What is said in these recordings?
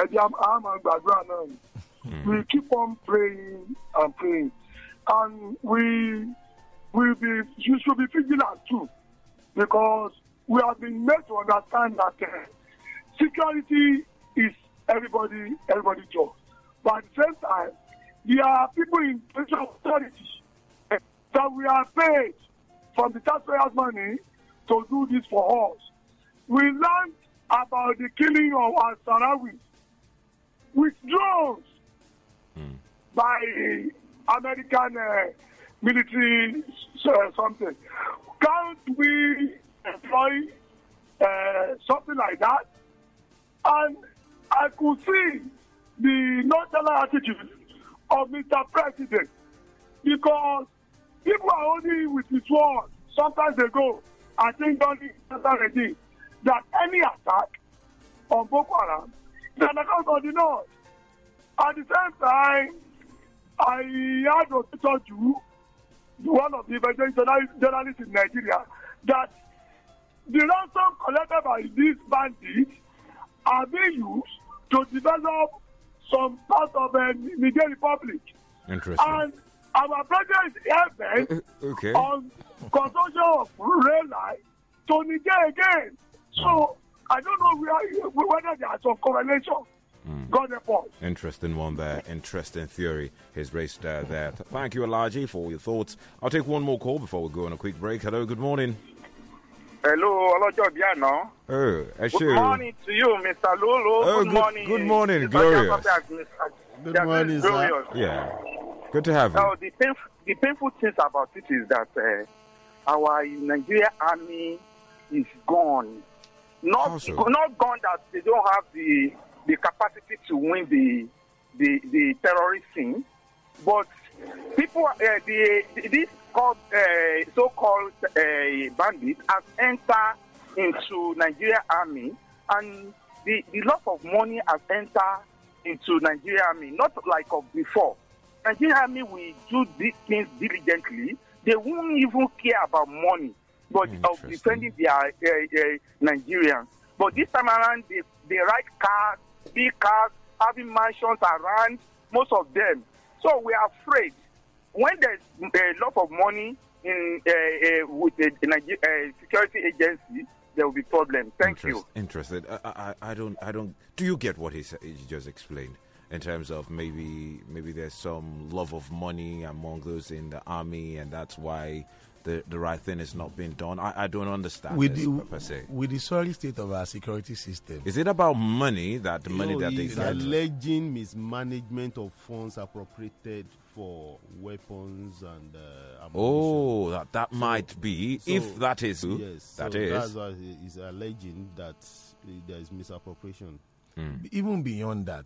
ẹbí gbàdúrà náà we keep on praying and praying and we we be you should be vigilant too because we have been made to understand that uh, security is everybody everybody job but at the same time there are people in spiritual authority uh, that we are paid from the taxpayers money to do this for us we learned about the killing of Asarawi with drones mm. by American uh, military uh, something. Can't we employ uh, something like that? And I could see the nonchalant attitude of Mr. President because people are only with his word. Sometimes they go, I think, don't already that any attack on Boko Haram the, an account of the North. At the same time, I had to talk to one of the evangelical journalists in Nigeria that the ransom collected by these bandits are being used to develop some part of the um, Niger Republic. Interesting. And our president is heaven uh, uh, okay. on construction of rail line to Niger again. So I don't know where, whether there are some correlation. Mm. Interesting one there. Interesting theory. His race uh, there. Thank you, Elijah, for your thoughts. I'll take one more call before we go on a quick break. Hello, good morning. Hello, Olojo Biano. Oh, actually. Good morning to you, Mr. Lulu. Oh, good, good morning. Good morning, Glorious. Good morning, Glorious. Yeah. Good to have you. Now, the, painful, the painful things about it is that uh, our Nigeria army is gone. Not not gone that they don't have the the capacity to win the the the terrorist thing, but people uh, the this called uh, so-called uh, bandits have entered into Nigeria army and the, the lot of money has entered into Nigeria army, not like of before. Nigeria army will do these things diligently. They won't even care about money but of defending their uh, uh, Nigerians. But this time around, they, they ride cars, big cars, having mansions around, most of them. So we are afraid. When there's uh, a lot of money in uh, uh with a, a uh, security agency, there will be problems. Thank Interest, you. Interested. I, I, I, don't. I don't. Do you get what he, he just explained? in terms of maybe maybe there's some love of money among those in the army, and that's why the, the right thing is not being done. I, I don't understand with this, the, per se. With the sorry state of our security system. Is it about money that the money that they get? alleging mismanagement of funds appropriated for weapons and uh, Oh, that, that so, might be. So, if that is who, yes, that so is. That's alleging that there is misappropriation. Mm. Even beyond that,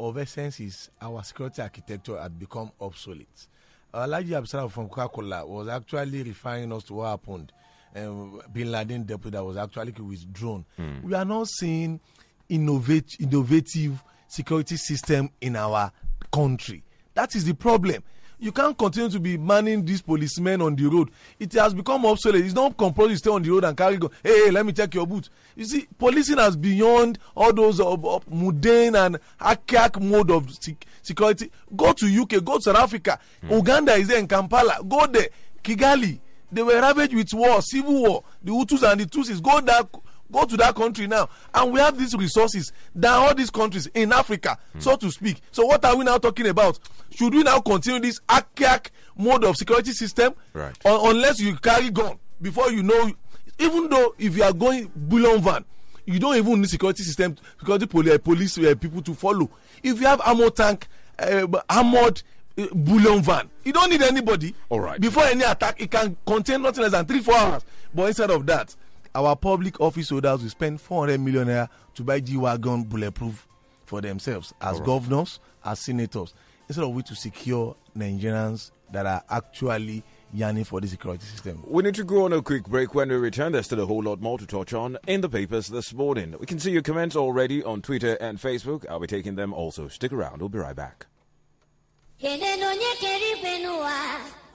of essence is our security architecture had become obsolete Alaji Absalom from Coca-Cola was actually referring us to what happened. Um, Bin Laden deputy that was actually withdrawn. Mm. We are not seeing innovate, innovative security system in our country. That is the problem you can't continue to be manning these policemen on the road it has become obsolete it's not compulsory to stay on the road and carry gun hey, hey let me check your boot you see policing has beyond all those of uh, mundane and archaic mode of security go to uk go to south africa mm. uganda is there in kampala go there kigali they were ravaged with war civil war the hutus and the tutsis go there Go to that country now. And we have these resources than all these countries in Africa, mm. so to speak. So, what are we now talking about? Should we now continue this AKAK mode of security system? Right. Or, unless you carry gun before you know, even though if you are going bullion van, you don't even need security system, security eh, police, police eh, people to follow. If you have ammo tank, uh, armored bullion van. You don't need anybody. All right. Before any attack, it can contain nothing less than three, four hours. But instead of that, our public office holders will spend 400 million naira to buy G-Wagon bulletproof for themselves as right. governors, as senators, instead of we to secure Nigerians that are actually yearning for the security system. We need to go on a quick break. When we return, there's still a whole lot more to touch on in the papers this morning. We can see your comments already on Twitter and Facebook. I'll be taking them also. Stick around. We'll be right back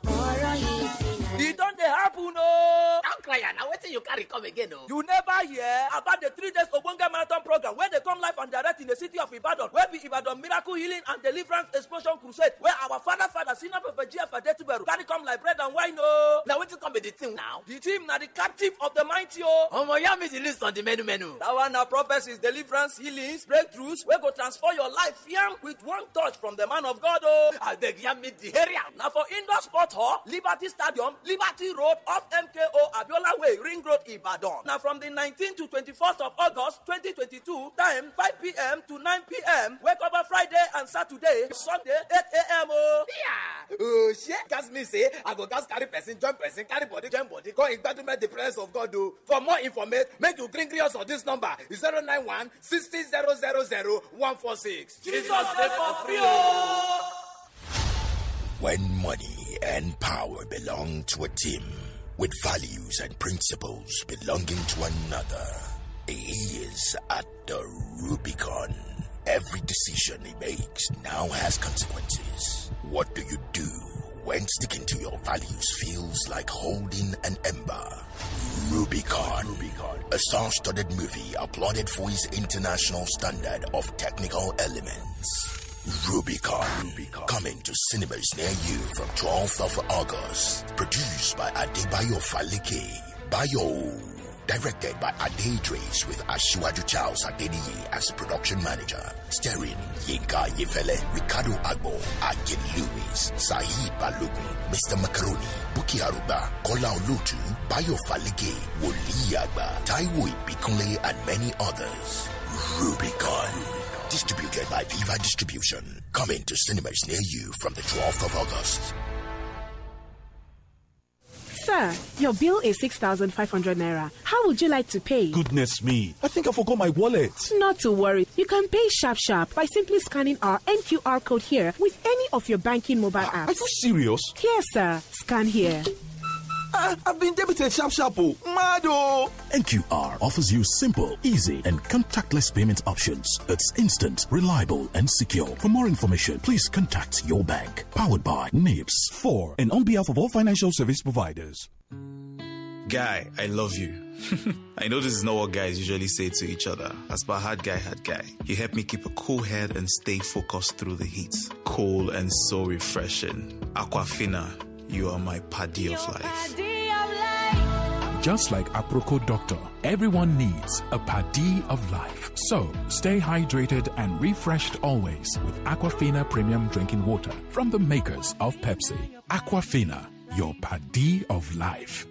don't they happen Don't cry na wetin you carry come again o. Oh. you never hear about the three days Obunga marathon program where they come live and direct in the city of ibadan where be ibadan miracle healing and deliverance explosion crusade where our father father senior prophet gfa adetuberu carry come like bread and wine oh. Now na wetin come be the team now. the team now the captive of the mighty o. Oh. omo yarn me the list on the menu menu. that one na prophecies deliverance healings breakthroughs wey go transform your life yam with one touch from the man of god o. abeg yarn me the area. now for indoor sport Port Liberty Stadium, Liberty Road, off MKO Abiola Way, Ring Road, Ibadan. Now from the 19 to 21st of August 2022, time 5 p.m. to 9 p.m. Wake up on Friday and Saturday, Sunday 8 a.m. Oh, yeah. Oh, shit. Gas me say, I go gas carry person, join person, carry body, join body. Go in entitlement the presence of God. Do oh. for more information, make you green us on this number 091 60 Jesus, they for free. When money and power belong to a team with values and principles belonging to another. He is at the Rubicon. Every decision he makes now has consequences. What do you do when sticking to your values feels like holding an ember? Rubicon, Rubicon. a star studded movie applauded for its international standard of technical elements. Rubicon. Rubicon. Coming to cinemas near you from 12th of August. Produced by Adebayo Falike. Bayo. Directed by Ade Idris with Ashiwaju Charles Adeniyi as production manager. Starring Yinka Yefele, Ricardo Agbo, Akin Lewis, Saeed Balogun, Mr. Macaroni, Buki Aruba, Kola Olutu, Bayo Falike, Woli Agba, Taiwo Ibikunle and many others. Rubicon. Distributed by Viva Distribution. Coming to cinemas near you from the 12th of August. Sir, your bill is 6,500 naira. How would you like to pay? Goodness me, I think I forgot my wallet. Not to worry. You can pay Sharp Sharp by simply scanning our NQR code here with any of your banking mobile apps. Are you serious? Yes, sir. Scan here. Ah, I, have been debited sharp sharp. Oh. Mado. Oh. NQR offers you simple, easy, and contactless payment options. It's instant, reliable, and secure. For more information, please contact your bank. Powered by NIPS 4 and on behalf of all financial service providers. Guy, I love you. I know this is not what guys usually say to each other. As per hard guy, hard guy, you help me keep a cool head and stay focused through the heat. Cool and so refreshing. Aquafina you are my paddy of life. Just like Aproco Doctor, everyone needs a paddy of life. So stay hydrated and refreshed always with Aquafina Premium Drinking Water from the makers of Pepsi. Aquafina, your paddy of life.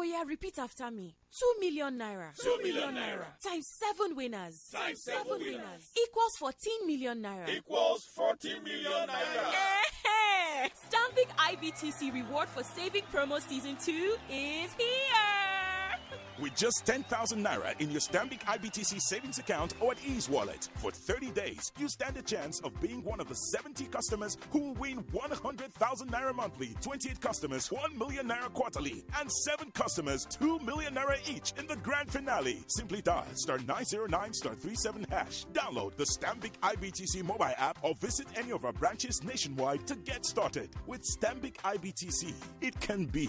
Oh yeah, repeat after me. Two million naira. Two million naira. Times seven winners. Times seven, seven winners. winners. Equals fourteen million naira. Equals fourteen million naira. Stamping IBTC reward for saving promo season two is here with just 10,000 naira in your Stambik IBTC savings account or at Ease Wallet. For 30 days, you stand a chance of being one of the 70 customers who will win 100,000 naira monthly, 28 customers 1 million naira quarterly, and 7 customers 2 million naira each in the grand finale. Simply dial star 909 star 37 hash. Download the Stambik IBTC mobile app or visit any of our branches nationwide to get started with Stambik IBTC. It can be.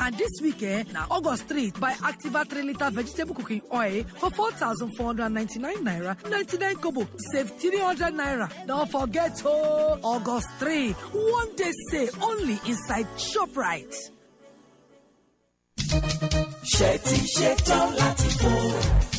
And this weekend, eh, now August 3, buy Activa 3 liter vegetable cooking oil for 4,499 naira, 99 kobo, save 300 naira. Don't forget, oh, August 3, one day sale only inside ShopRite. ṣe ti ṣe tán láti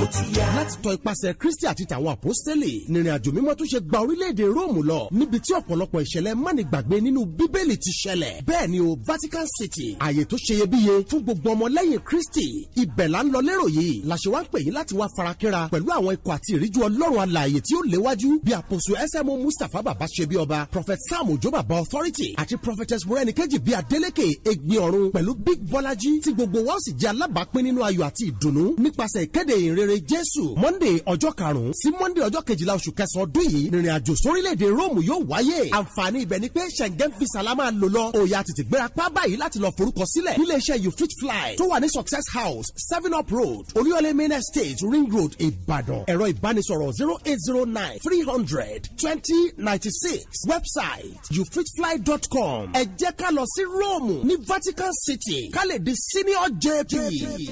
ó ti yá. láti tọ ipasẹ̀ kristi àti tàwọn àpọ́sítélì nìrìn àjò mímọ́ tún ṣe gba orílẹ̀-èdè róòmù lọ níbi tí ọ̀pọ̀lọpọ̀ ìṣẹ̀lẹ̀ mánigbàgbé nínú bíbélì ti ṣẹlẹ̀ bẹ́ẹ̀ ni o vatican city àyè tó ṣeyebíye fún gbogbo ọmọlẹ́yìn kristi ibẹ̀ là ń lọ lérò yìí làṣẹ wá ń pè yín láti wá farakínra pẹ̀lú àwọn ikọ̀ àti ìríjú ọlọ́run alààyè tí ó léwájú bí àpòsù smo mustapha bàbá ṣe bí ọba prophet sam ojo bàbá authority àti prophetess morenikeji bí adeleke egbin ọ̀run pẹ̀lú big bọ́lájí tí gbogbo wa ó sì jẹ́ alábàápín nínú ayọ̀ àti ìdùnnú nípasẹ̀ ìkéde ìrere ìrere jésù monday ọjọ́ karùn-ún sí monday ọjọ́ kejìlá oṣù kẹsàn-án ọdún yìí ìrìn àjò sórílẹ̀-èdè rome yóò wáyé àǹfààní ibẹ̀ ni pé schengen visa la máa lò lọ òòyà tètè gbéra pá báyìí láti lọ forúkọ sílẹ̀ nílé iṣẹ́ you fit fly tó wà ní success house seven up road olúyọlé main estate ring road ìbàdàn ẹ̀rọ ìbánisọ̀rọ̀ zero eight zero nine three hundred twenty ninety six website youfitfly.com ẹ jẹ́ ká lọ sí rome ní vatican city ká lè di senior jp. JP.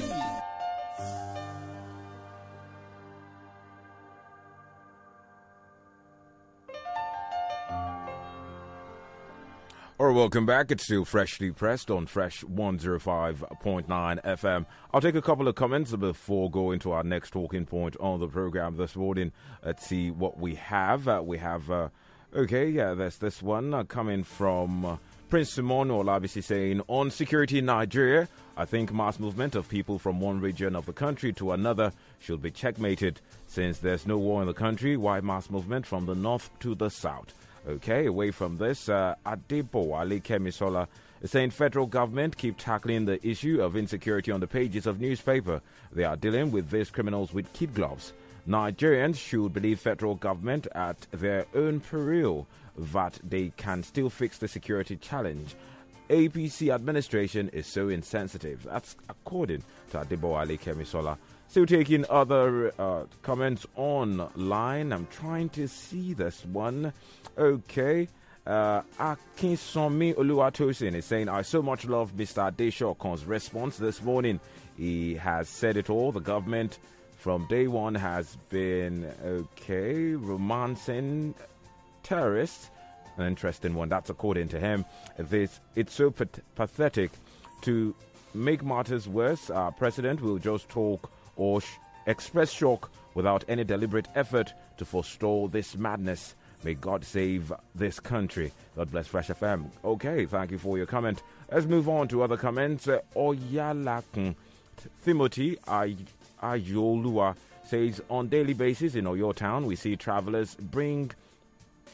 All right, welcome back. It's still freshly pressed on Fresh 105.9 FM. I'll take a couple of comments before going to our next talking point on the program this morning. Let's see what we have. Uh, we have, uh, okay, yeah, there's this one uh, coming from uh, Prince Simon Olabisi saying, On security in Nigeria, I think mass movement of people from one region of the country to another should be checkmated. Since there's no war in the country, why mass movement from the north to the south? Okay, away from this, uh, Adebo Ali Kemisola is saying federal government keep tackling the issue of insecurity on the pages of newspaper. They are dealing with these criminals with kid gloves. Nigerians should believe federal government at their own peril that they can still fix the security challenge. APC administration is so insensitive. That's according to Adebo Ali Kemisola. Still taking other uh, comments online. I'm trying to see this one. Okay. Uh, Akinsomi Oluwatosin is saying, I so much love Mr. Deshokon's response this morning. He has said it all. The government from day one has been, okay, romancing terrorists. An interesting one. That's according to him. This It's so pat- pathetic to make matters worse. Our president will just talk or sh- express shock without any deliberate effort to forestall this madness. May God save this country. God bless Fresh FM. Okay, thank you for your comment. Let's move on to other comments. Uh, Oyalakun Timothy Ayolua says on daily basis in Oyo town we see travelers bring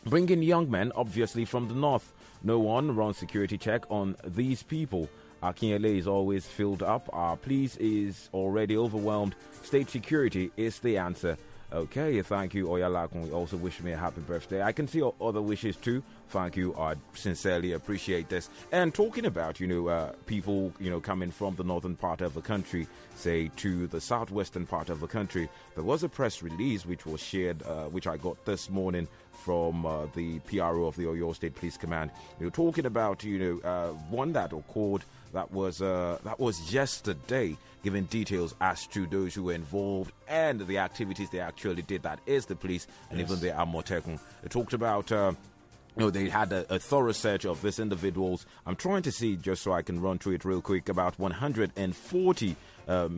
bringing young men obviously from the north. No one runs security check on these people. Akinyele is always filled up. Our police is already overwhelmed. State security is the answer. Okay, thank you, Oyalakun. We also wish me a happy birthday. I can see your other wishes too. Thank you. I sincerely appreciate this. And talking about, you know, uh, people, you know, coming from the northern part of the country, say to the southwestern part of the country, there was a press release which was shared, uh, which I got this morning from uh, the PRO of the Oyo State Police Command. You know, talking about, you know, uh, one that occurred that was uh, that was yesterday, giving details as to those who were involved and the activities they actually did. That is the police and yes. even the Amotekun. It talked about. Uh, you know, they had a, a, thorough search of these individuals. I'm trying to see just so I can run through it real quick. About 140 uh,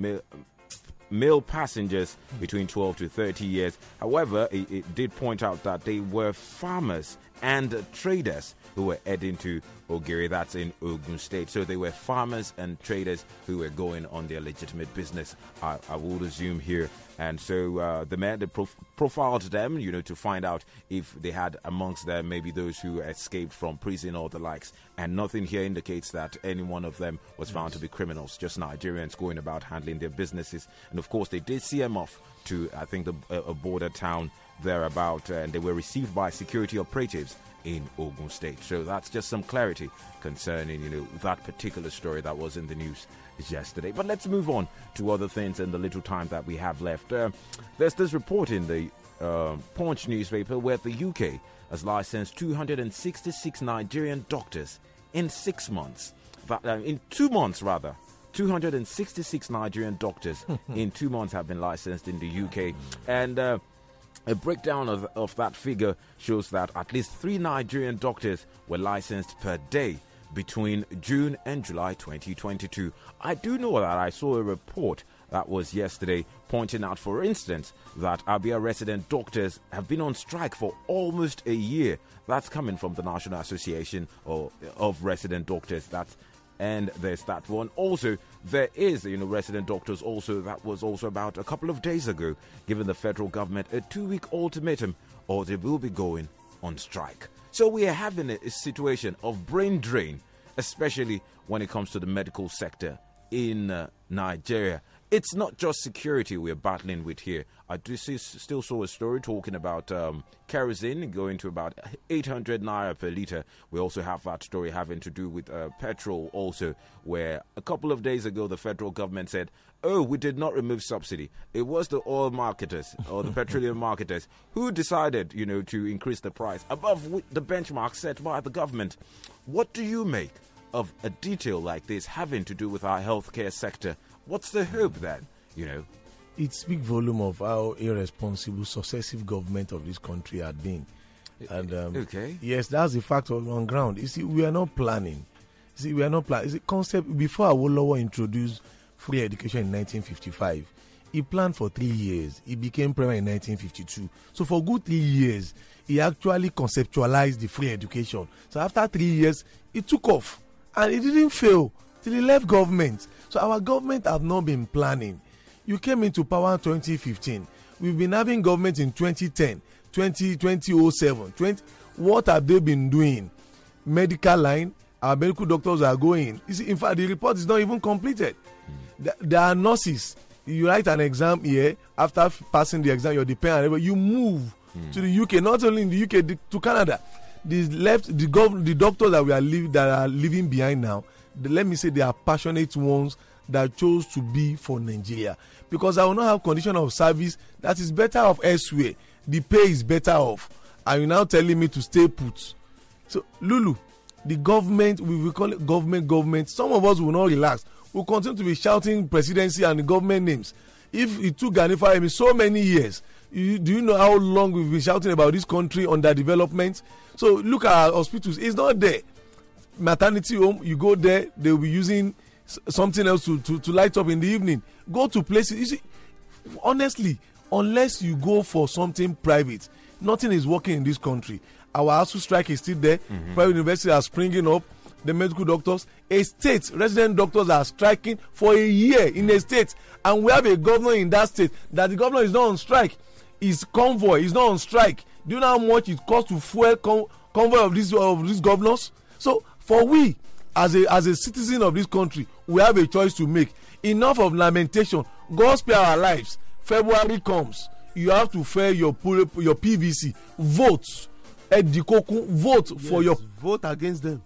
male passengers between 12 to 30 years. However, it, it, did point out that they were farmers and traders who were heading to Ogiri, that's in Ogun State. So they were farmers and traders who were going on their legitimate business, I, I would assume here. And so uh, the men they prof- profiled them, you know, to find out if they had amongst them maybe those who escaped from prison or the likes. And nothing here indicates that any one of them was found to be criminals, just Nigerians going about handling their businesses. And of course, they did see them off to, I think, the, a border town thereabout, and they were received by security operatives in Ogun State. So that's just some clarity concerning, you know, that particular story that was in the news yesterday. But let's move on to other things in the little time that we have left. Uh, there's this report in the uh, Punch newspaper where the UK has licensed 266 Nigerian doctors in six months, but, uh, in two months rather, 266 Nigerian doctors hmm. in two months have been licensed in the UK. And uh, a breakdown of, of that figure shows that at least three Nigerian doctors were licensed per day between June and July 2022. I do know that I saw a report that was yesterday pointing out, for instance, that Abia resident doctors have been on strike for almost a year. That's coming from the National Association of, of Resident Doctors. That's and there's that one. Also, there is, you know, resident doctors also, that was also about a couple of days ago, giving the federal government a two week ultimatum or they will be going on strike. So we are having a, situation of brain drain, especially when it comes to the medical sector in uh, Nigeria it's not just security we're battling with here. I see, still saw a story talking about um, kerosene going to about 800 naira per liter. We also have that story having to do with uh, petrol, also, where a couple of days ago the federal government said, Oh, we did not remove subsidy. It was the oil marketers or the petroleum marketers who decided, you know, to increase the price above the benchmark set by the government. What do you make? Of a detail like this having to do with our healthcare sector What's the hope then? You know, it speaks volume of how irresponsible successive government of this country had been. And um, okay, yes, that's the fact on ground. You see, we are not planning. You see, we are not planning. It's concept before Awolowo introduced free education in 1955. He planned for three years. He became premier in 1952. So for good three years, he actually conceptualized the free education. So after three years, it took off and it didn't fail till he left government. So our government have not been planning. You came into power in 2015. We've been having government in 2010, 20, 2007, 20. What have they been doing? Medical line, our medical doctors are going. See, in fact, the report is not even completed. Hmm. The There are nurses. You write an exam here. After passing the exam, you're dependent. You move mm. to the UK. Not only in the UK, the, to Canada. The left, the gov, the doctors that we are leave, that are living behind now the, let me say they are passionate ones that chose to be for nigeria because i will not have condition of service that is better off elsewhere the pay is better off Are you now telling me to stay put so lulu the government we will call it government government some of us will not relax we will continue to be shouting presidency and government names if it took Gani Fahimi so many years you, do you know how long we've been shouting about this country under development so look at our hospitals it's not there maternity home you go there they will be using something else to, to, to light up in the evening go to places you see honestly unless you go for something private nothing is working in this country our ASU strike is still there mm -hmm. private universities are springing up the medical doctors a state resident doctors are striking for a year in a state and we have a governor in that state that the governor is not on strike his convoy is not on strike do you know how much it costs to fuel con convoy of these of these governors so for we as a as a citizen of this country we have a choice to make enough of lamentation god spare our lives february comes you have to fail your your pvc vote edikokun vote yes, for your vote against them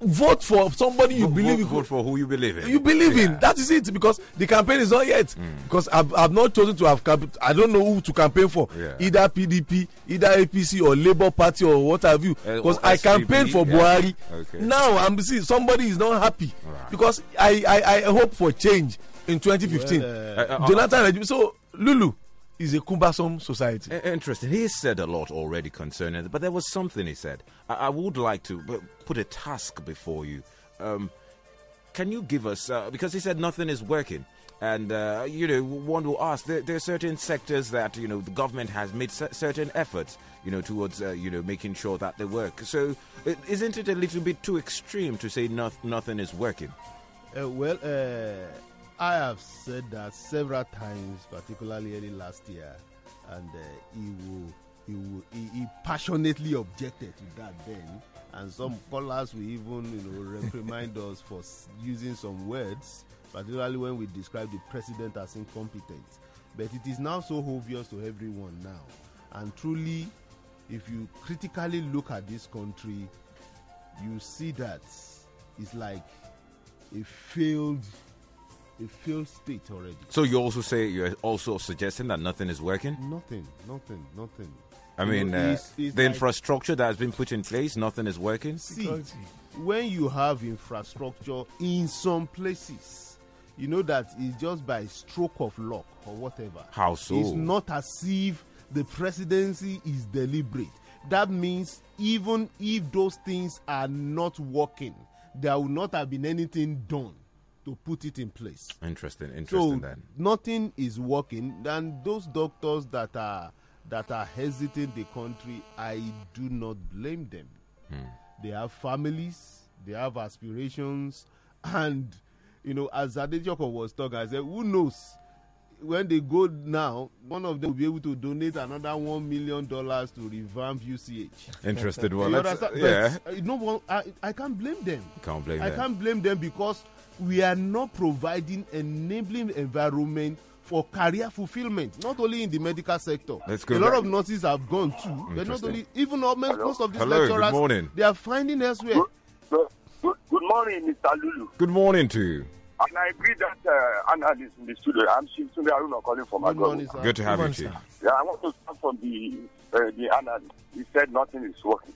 vote for somebody you vote, believe vote, in. Vote for who you believe in. You believe yeah. in. That is it because the campaign is not yet. Mm. Because I've, I've, not chosen to have. I don't know who to campaign for. Yeah. Either PDP, either APC or Labour Party or what have you. Eh, because I campaigned for yeah. Buhari. Okay. Now I'm see somebody is not happy right. because I, I, I hope for change in 2015. Well, uh, eh, eh, Jonathan, so Lulu is a cumbersome society. Interesting. He said a lot already concerning it, but there was something he said. I, I would like to uh, put a task before you. Um, can you give us, uh, because he said nothing is working. And, uh, you know, one will ask, there, there, are certain sectors that, you know, the government has made certain efforts, you know, towards, uh, you know, making sure that they work. So is not it a little bit too extreme to say nothing is working? Uh, well, uh, I have said that several times, particularly early last year, and uh, he will. He, he passionately objected to that then, and some callers will even you know reprimand us for using some words, particularly when we describe the president as incompetent. But it is now so obvious to everyone now, and truly, if you critically look at this country, you see that it's like a failed a failed state already. So you also say you're also suggesting that nothing is working? Nothing, nothing, nothing. I you mean, uh, it's, it's the like infrastructure that has been put in place, nothing is working. See, when you have infrastructure in some places, you know that it's just by stroke of luck or whatever. How so? It's not as if the presidency is deliberate. That means even if those things are not working, there will not have been anything done to put it in place. Interesting, interesting. So then. nothing is working, Then those doctors that are that are hesitating the country, I do not blame them. Hmm. They have families, they have aspirations, and you know, as Adejoko was talking, I said, who knows? When they go now, one of them will be able to donate another one million dollars to revamp UCH. Interested one, well, yeah. But, uh, you know, I, I can't blame them. can't blame I them. I can't blame them because we are not providing enabling environment for career fulfillment not only in the medical sector Let's go a back. lot of nurses have gone too but not only even almost Hello? most of these Hello, lecturers they are finding elsewhere good, good, good, morning mr lulu good morning to you and i agree that uh, is in the studio i'm still Aruna calling from good morning, good to have good you morning, yeah i want to start from the uh, the Anna. he said nothing is working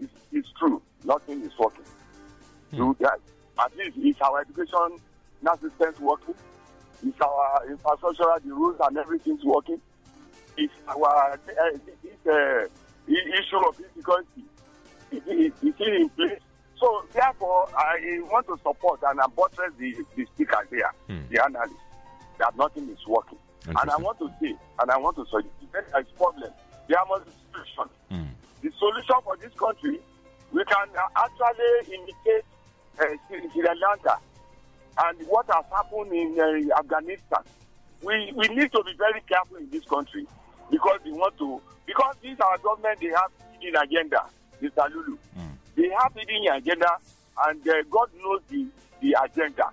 it's, it's true nothing is working hmm. you, yeah, at least is our education system working. It's our infrastructure, the rules and is working. It's our uh, uh, issue of difficulty. It, it, in place. So therefore, I want to support and buttress the, the speaker there, hmm. the analyst, that nothing is working. And I want to say, and I want to say, there is problem. There must be solution. Hmm. The solution for this country, we can actually indicate Sri Lanka and what has happened in uh, Afghanistan. We, we need to be very careful in this country because we want to, because these are government, they have hidden agenda, Mr. Lulu. Mm. They have hidden agenda and uh, God knows the, the agenda.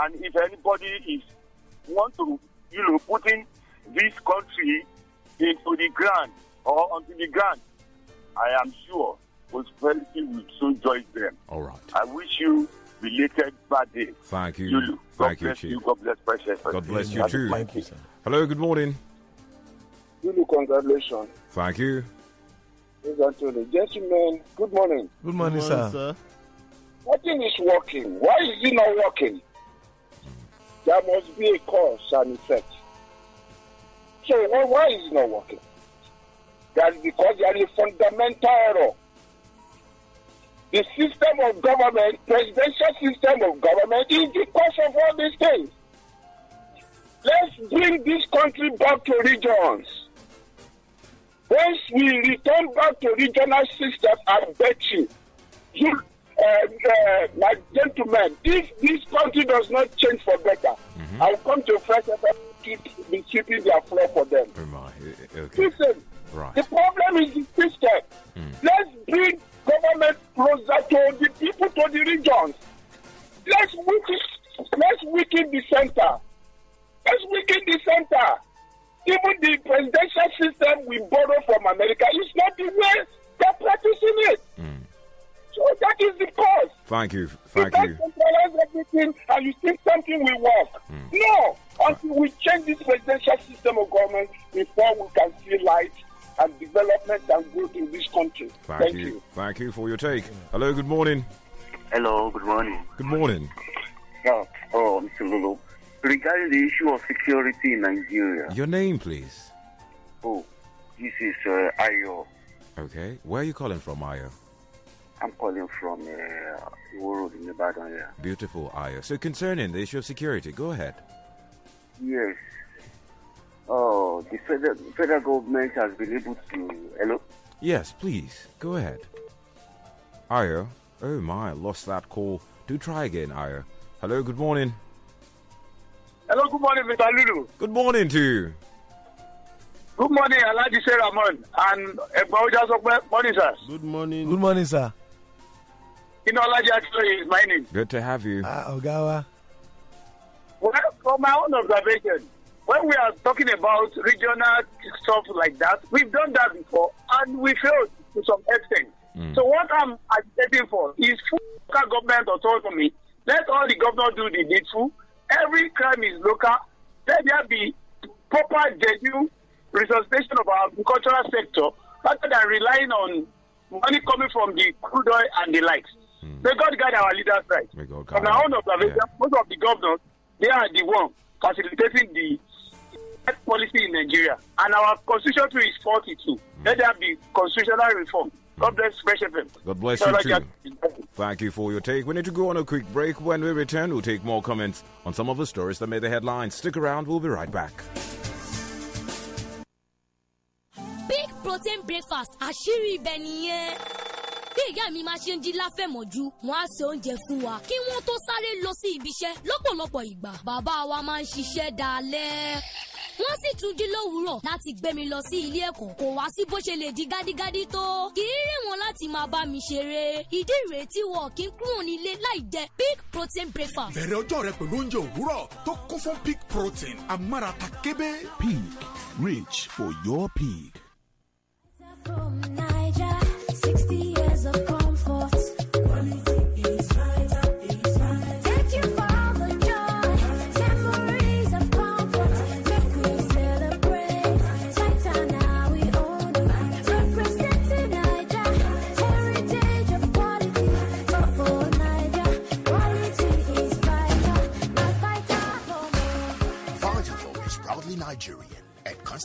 And if anybody is want to, you know, putting this country into the ground or onto the ground, I am sure prosperity will soon join them. All right. I wish you belated birthday. Thank you. Lulu. Thank God you, You. God bless Precious. God bless you, too. Thank you. Hello, good morning. Lulu, congratulations. Thank you. Gentlemen, good morning. Good morning, good morning sir. Nothing is working. Why is it not working? There must be a cause and effect. So why is it not working? That is because there is a fundamental error the system of government, presidential system of government, is the cause of all these things. Let's bring this country back to regions. Once we return back to regional system, I bet you, you uh, uh, my gentlemen, if this country does not change for better, mm-hmm. I'll come to Fresh FM keep be keeping their floor for them. Oh my, okay. Listen, right. the problem is the system. Mm. Let's bring government closer to the people, to the regions. Let's weaken, let's weaken the center. Let's weaken the center. Even the presidential system we borrow from America is not the way they're practicing it. Mm. So that is the cause. Thank you. Thank you. Centralize everything and you think something will work. Mm. No, until we change this presidential system of government before we can see light and development and growth in this country. Thank, Thank you. you. Thank you for your take. Hello, good morning. Hello, good morning. Good morning. Yeah. Oh, Mr. Lulu. Regarding the issue of security in Nigeria. Your name, please. Oh, this is uh, Ayo. Okay. Where are you calling from, Ayo? I'm calling from uh, World in Ibadan, yeah. Beautiful, Ayo. So concerning the issue of security, go ahead. Yes, Oh, the federal, federal government has been able to. Hello? Yes, please. Go ahead. Aya. Oh my, lost that call. Do try again, Aya. Hello, good morning. Hello, good morning, Mr. Lulu. Good morning to you. Good morning, Alaji Ramon and Ebauja Morning, sir. Good morning. Good morning, sir. You know, Alaji actually is my name. Good to have you. Ah, uh, Ogawa. Well, from my own observation, when we are talking about regional stuff like that, we've done that before and we failed to some extent. Mm. So what I'm advocating for is local government autonomy. Let all the governors do the needful. Every crime is local. Let there be proper, genuine resuscitation of our agricultural sector rather than relying on money coming from the crude oil and the likes. Mm. May God guide our leaders right. From our own observation, yeah. most of the governors, they are the ones facilitating the tax policy in Nigeria, and our constitution too is 42. Hmm. Let there be constitutional reform. God bless Fresh FM. God bless you too. Thank you for your take. We need to go on a quick break. When we return, we'll take more comments on some of the stories that made the headlines. Stick around. We'll be right back. Big protein breakfast. Ashiri beniye. nìyẹn. bí ìyá mi máa ṣe ń jí láfẹ̀mọ́jú wọ́n á ṣe oúnjẹ fún wa kí wọ́n tó sáré lọ sí ibiṣẹ́ lọ́pọ̀lọpọ̀ ìgbà bàbá wa máa ń ṣiṣẹ́ dalẹ́ wọ́n sì tún jí lówùúrọ̀ láti gbé mi lọ sí ilé ẹ̀kọ́ kò wá sí bó ṣe lè di gádígádí tó kì í rìn wọn láti máa bá mi ṣeré ìdí ìrètí wọn kì í kúrò nílé láì jẹ big protein breakfast. bẹ̀rẹ̀ ọjọ́ rẹ pẹ̀lú oúnjẹ òwúrọ̀ tó kún fún big protein amárata kébé. pink rich for your pig.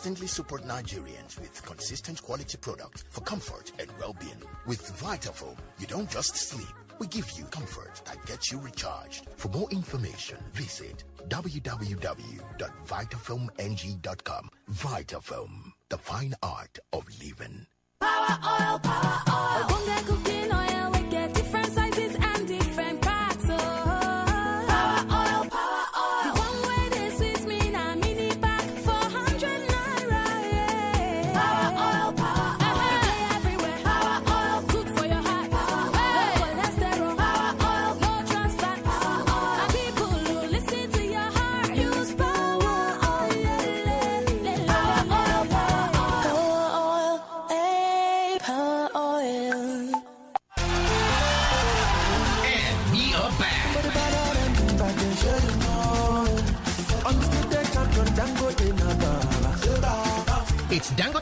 consistently support Nigerians with consistent quality products for comfort and well-being. With Vitafilm, you don't just sleep. We give you comfort that gets you recharged. For more information, visit www.vitafilmng.com. Vitafilm, the fine art of living. Power oil, power oil.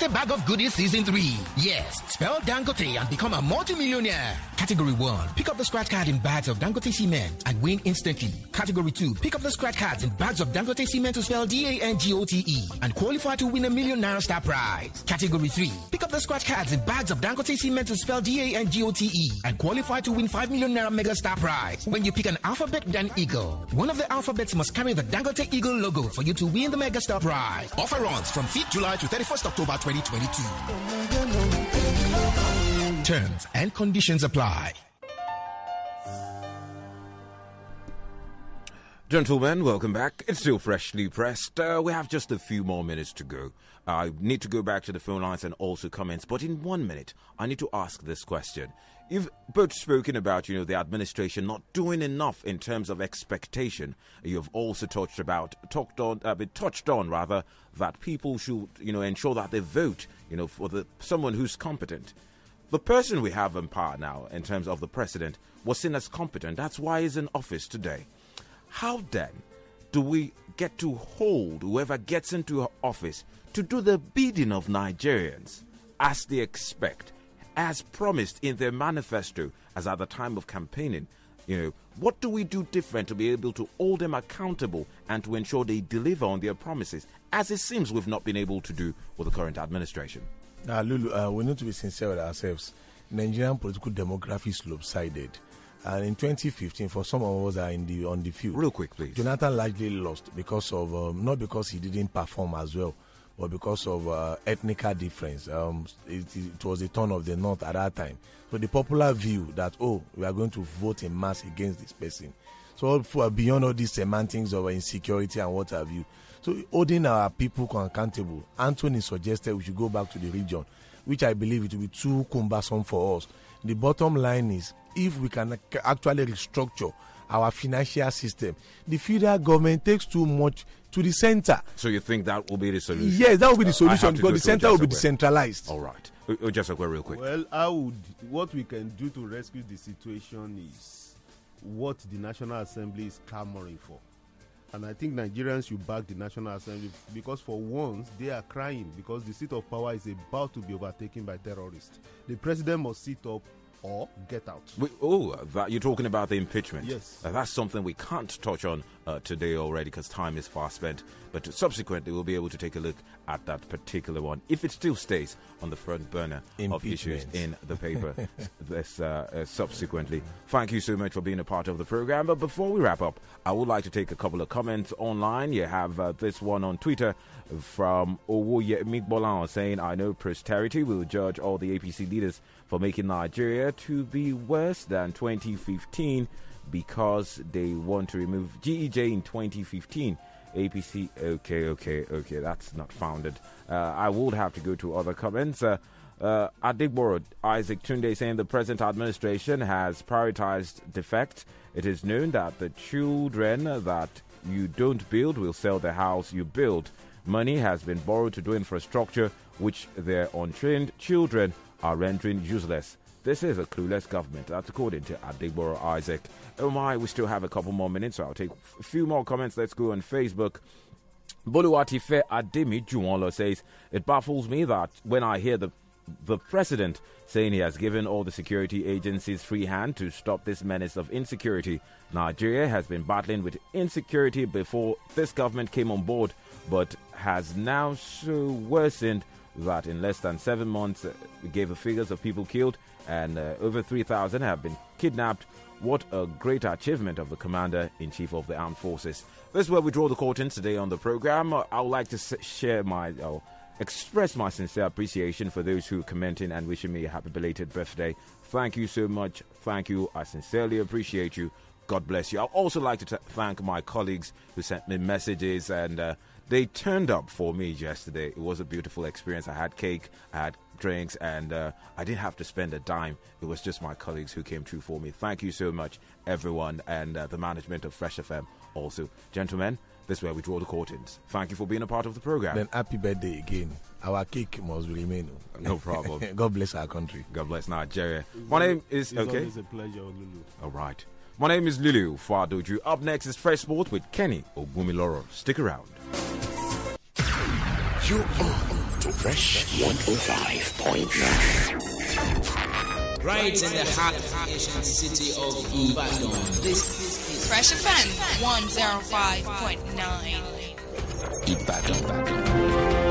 Get a bag of goodies season 3. Yes, Spell Dangote and become a multi-millionaire. Category 1. Pick up the scratch card in bags of Dangote cement and win instantly. Category 2. Pick up the scratch cards in bags of Dangote cement to spell D-A-N-G-O-T-E and qualify to win a million naira star prize. Category 3. Pick up the scratch cards in bags of Dangote cement to spell D-A-N-G-O-T-E and qualify to win 5 million naira mega star prize when you pick an alphabet Dan Eagle. One of the alphabets must carry the Dangote Eagle logo for you to win the mega star prize. Offer runs from 5th July to 31st October 2022. Terms and conditions apply. Gentlemen, welcome back. It's still freshly pressed. Uh, we have just a few more minutes to go. I need to go back to the phone lines and also comments, but in one minute, I need to ask this question. You've both spoken about, you know, the administration not doing enough in terms of expectation. You've also touched about talked on, uh, been touched on rather, that people should, you know, ensure that they vote, you know, for the someone who's competent. The person we have in power now, in terms of the president, was seen as competent. That's why he's in office today. How then do we get to hold whoever gets into office to do the bidding of Nigerians as they expect, as promised in their manifesto, as at the time of campaigning? You know, what do we do different to be able to hold them accountable and to ensure they deliver on their promises, as it seems we've not been able to do with the current administration? Uh, Lulu, uh, we need to be sincere with ourselves. Nigerian political demography is lopsided. And in 2015, for some of us are in the on the field. Real quick, please. Jonathan largely lost because of um, not because he didn't perform as well, but because of uh, ethnic difference. Um, it, it, was the turn of the north at that time. So the popular view that oh, we are going to vote in mass against this person. So beyond all these semantics of insecurity and what have you, so holding our people accountable, Anthony suggested we should go back to the region, which I believe it will be too cumbersome for us. The bottom line is if we can actually restructure our financial system, the federal government takes too much to the center. So you think that will be the solution? Yes, that will be the solution uh, because the center will be decentralized. All right. just just go real quick. Well, I would. What we can do to rescue the situation is what the National Assembly is clamoring for. And I think Nigerians should back the National Assembly because, for once, they are crying because the seat of power is about to be overtaken by terrorists. The president must sit up or get out. We, oh, that, you're talking about the impeachment. Yes. Uh, that's something we can't touch on uh, today already because time is far spent. But subsequently, we'll be able to take a look at that particular one if it still stays on the front burner of issues in the paper this, uh, uh, subsequently. Thank you so much for being a part of the program. But before we wrap up, I would like to take a couple of comments online. You have uh, this one on Twitter from Owoye Migbolan saying, I know posterity will judge all the APC leaders for making Nigeria to be worse than 2015 because they want to remove GEJ in 2015 APC. Okay, okay, okay. That's not founded. Uh, I would have to go to other comments. Uh, uh, Adigboro Isaac Tunde saying the present administration has prioritized defect. It is known that the children that you don't build will sell the house you build. Money has been borrowed to do infrastructure, which their untrained children are rendering useless. This is a clueless government. That's according to Adigboro Isaac. Oh my, we still have a couple more minutes, so I'll take a few more comments. Let's go on Facebook. Boluwatife Ademi Jumolo says, It baffles me that when I hear the the president saying he has given all the security agencies free hand to stop this menace of insecurity. Nigeria has been battling with insecurity before this government came on board, but has now so worsened that in less than seven months, we uh, gave the figures of people killed and uh, over 3,000 have been kidnapped. What a great achievement of the Commander in Chief of the Armed Forces. This is where we draw the curtain today on the program. I would like to share my. express my sincere appreciation for those who are commenting and wishing me a happy belated birthday. Thank you so much. Thank you. I sincerely appreciate you. God bless you. I also like to t- thank my colleagues who sent me messages and uh, they turned up for me yesterday. It was a beautiful experience. I had cake, I had drinks, and uh, I didn't have to spend a dime. It was just my colleagues who came through for me. Thank you so much, everyone, and uh, the management of Fresh FM also. Gentlemen, this is where we draw the curtains. Thank you for being a part of the program. Then happy birthday again. Our cake must remain. Oh. No problem. God bless our country. God bless Nigeria. It's my name is. It's okay. It's a pleasure, Lulu. All right. My name is Lulu Fadoju. Up next is Fresh Sport with Kenny Ogumiloro. Stick around. You are to Fresh 105.9. Right in the heart of Asian city of Ibadan. This is Fresh Offense 105.9. Ibadan.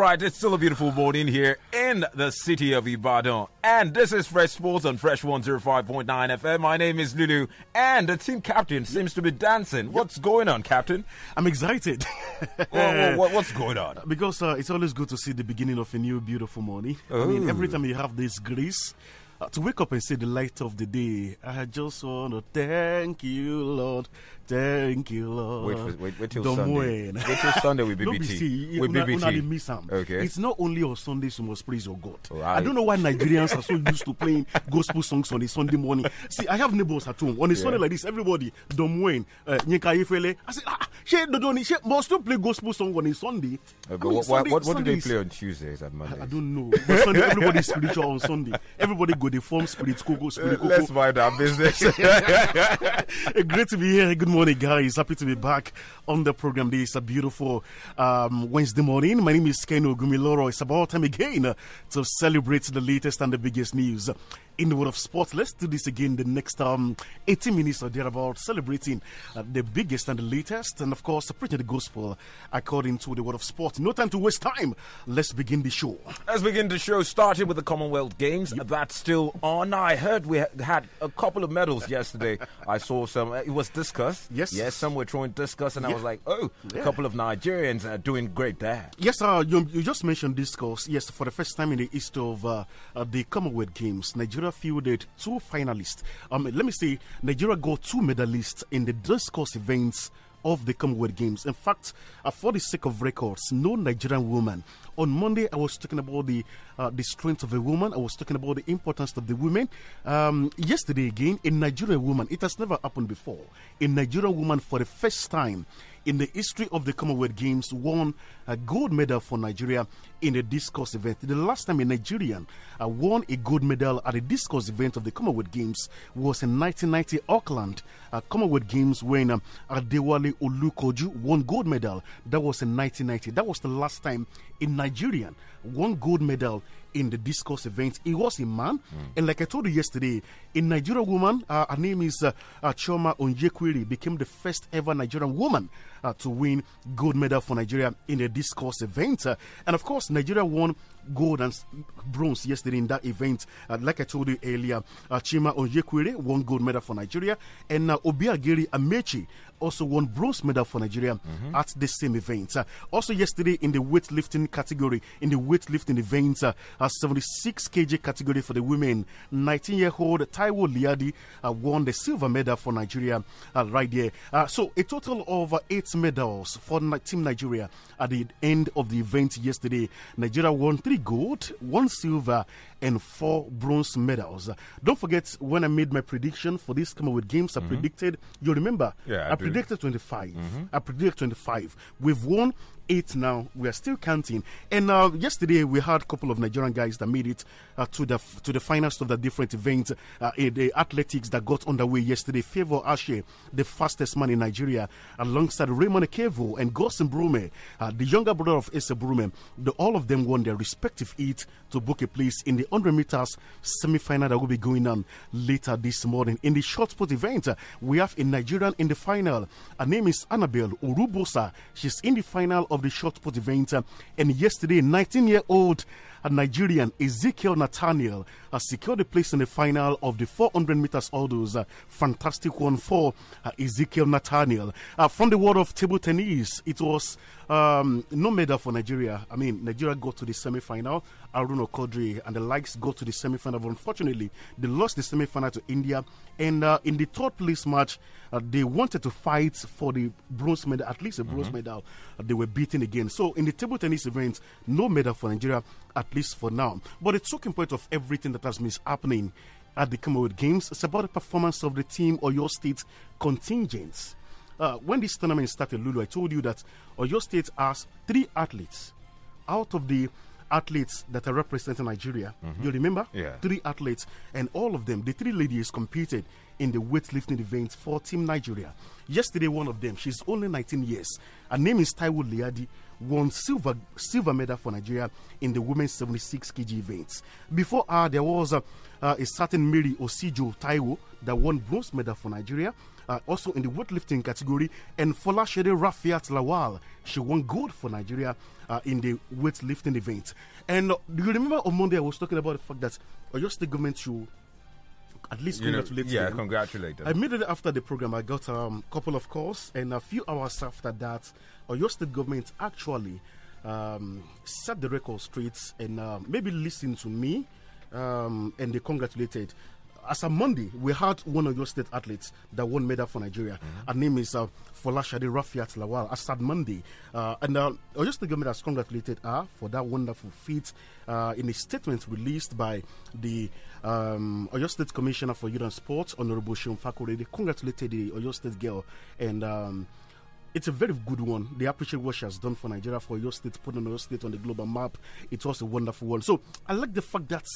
right, it's still a beautiful morning here in the city of Ibadan. And this is Fresh Sports on Fresh 105.9 FM. My name is Lulu, and the team captain seems to be dancing. What's going on, captain? I'm excited. well, well, what's going on? Because uh, it's always good to see the beginning of a new beautiful morning. Ooh. I mean, every time you have this grace, uh, to wake up and see the light of the day. I just want to thank you, Lord. Thank you, Lord. Wait, for, wait, wait till Don't Sunday. Wait till Sunday with BBT. see, with BBT. Una, miss Okay. It's not only on Sundays you must praise your God. Right. I don't know why Nigerians are so used to playing gospel songs on a Sunday morning. See, I have neighbors at home. On a yeah. Sunday like this, everybody, Domwen, uh, Nyeka Ifele. I said, ah, she, Dodoni, she must still play gospel song on a Sunday. Uh, but I mean, what, Sunday, what, what, do they play on Tuesdays I, I don't know. But Sunday, everybody's spiritual on Sunday. Everybody go, the form spirit, coco, spirit, Let's mind our business. Great to be here. Good morning morning, guys. Happy to be back on the program. This is a beautiful um, Wednesday morning. My name is Ken Ogumiloro. It's about time again to celebrate the latest and the biggest news in the world of sports. Let's do this again the next um, 80 minutes or thereabout, celebrating uh, the biggest and the latest, and of course, preaching the gospel according to the world of sports. No time to waste time. Let's begin the show. Let's begin the show, starting with the Commonwealth Games. Yep. That's still on. I heard we had a couple of medals yesterday. I saw some, it was discus. Yes. Yes, some were throwing discus, and yeah. I was like, oh, yeah. a couple of Nigerians are uh, doing great there. Yes, uh, you, you just mentioned discus. Yes, for the first time in the history of uh, uh the Commonwealth Games, Nigeria Nigeria fielded two finalists. Um, let me say, Nigeria got two medalists in the discus events of the Commonwealth Games. In fact, uh, for the sake of records, no Nigerian woman. On Monday, I was talking about the uh, the strength of a woman. I was talking about the importance of the women. Um, yesterday again, a Nigerian woman. It has never happened before. A Nigerian woman, for the first time in the history of the Commonwealth Games, won a gold medal for Nigeria in a discus event. The last time a Nigerian uh, won a gold medal at a discus event of the Commonwealth Games was in 1990 Auckland uh, Commonwealth Games when um, Adewale Olukoju won gold medal. That was in 1990. That was the last time a Nigerian won gold medal in the discourse event. He was a man, mm. and like I told you yesterday, a Nigerian woman, uh, her name is uh, uh, Choma Onyekwiri, became the first ever Nigerian woman uh, to win gold medal for Nigeria in the discus event. Uh, and of course, Nigeria won gold and bronze yesterday in that event. Uh, like I told you earlier, uh, Chima Onyekwere won gold medal for Nigeria, and uh, Obiageli Amechi also won bronze medal for Nigeria mm -hmm. at the same event. Uh, also, yesterday in the weightlifting category, in the weightlifting event, uh, 76 kg category for the women, 19 year old Taiwo Liadi uh, won the silver medal for Nigeria uh, right there. Uh, so, a total of uh, eight medals for Team Nigeria at the end of the event yesterday. Nigeria won three gold, one silver, and four bronze medals. Don't forget when I made my prediction for this Come With Games, I mm -hmm. predicted, you remember, yeah, I, I predicted mm-hmm. 25. Mm -hmm. I predicted 25. We've won eight now. We are still counting. And uh, yesterday we had a couple of Nigerian guys that made it uh, to the to the finals of the different events. Uh, eh, the athletics that got underway yesterday. Favor Ashe, the fastest man in Nigeria, alongside Raymond Kevo and Gosen Brume, uh, the younger brother of Esa Brume. The, all of them won their respective heat to book a place in the 100 meters semi-final that will be going on later this morning. In the short put event, uh, we have a Nigerian in the final. Her name is Annabelle Urubosa. She's in the final of of the short put event. and yesterday, 19 year old and Nigerian Ezekiel Nathaniel has secured a place in the final of the 400 meters hurdles. fantastic one for uh, Ezekiel Nathaniel. Uh, from the world of table tennis, it was um, no medal for Nigeria. I mean, Nigeria got to the semi final. Aruno Okodri and the likes got to the semi final. Unfortunately, they lost the semi final to India. And uh, in the third place match, uh, they wanted to fight for the bronze medal, at least a bronze mm -hmm. medal. Uh, they were beaten again. So, in the table tennis event, no medal for Nigeria at least for now. But the talking point of everything that has been happening at the Commonwealth Games it's about the performance of the team or your state contingents. Uh, when this tournament started, Lulu, I told you that Oyo State has three athletes out of the athletes that are representing Nigeria. Mm -hmm. You remember? Yeah. Three athletes, and all of them, the three ladies, competed in the weightlifting event for Team Nigeria. Yesterday, one of them, she's only 19 years. Her name is Taiwo Liadi won silver silver medal for Nigeria in the women's 76 kg events. Before her, there was uh, uh, a certain Mary Osijo Taiwo that won bronze medal for Nigeria. Uh, also in the weightlifting category, and Folashede Rafiat Lawal, she won gold for Nigeria uh, in the weightlifting event. And uh, do you remember on Monday I was talking about the fact that your state government should at least congratulate know, yeah, congratulate them. Immediately after the program, I got a um, couple of calls, and a few hours after that, your State government actually um, set the record straight and uh, maybe listened to me um, and they congratulated as a Monday, we had one of your state athletes that won medal for Nigeria. Mm -hmm. Her name is uh, Folashade Rafiat Lawal. As a Monday, uh, and uh, Oyo State government has congratulated her for that wonderful feat uh, in a statement released by the um, Oyo State Commissioner for Youth and Sports, Honorable Shion Fakore. They congratulated the Oyo State girl and. Um, it's a very good one. They appreciate what she has done for Nigeria, for your state, putting your state on the global map. It was a wonderful one. So I like the fact that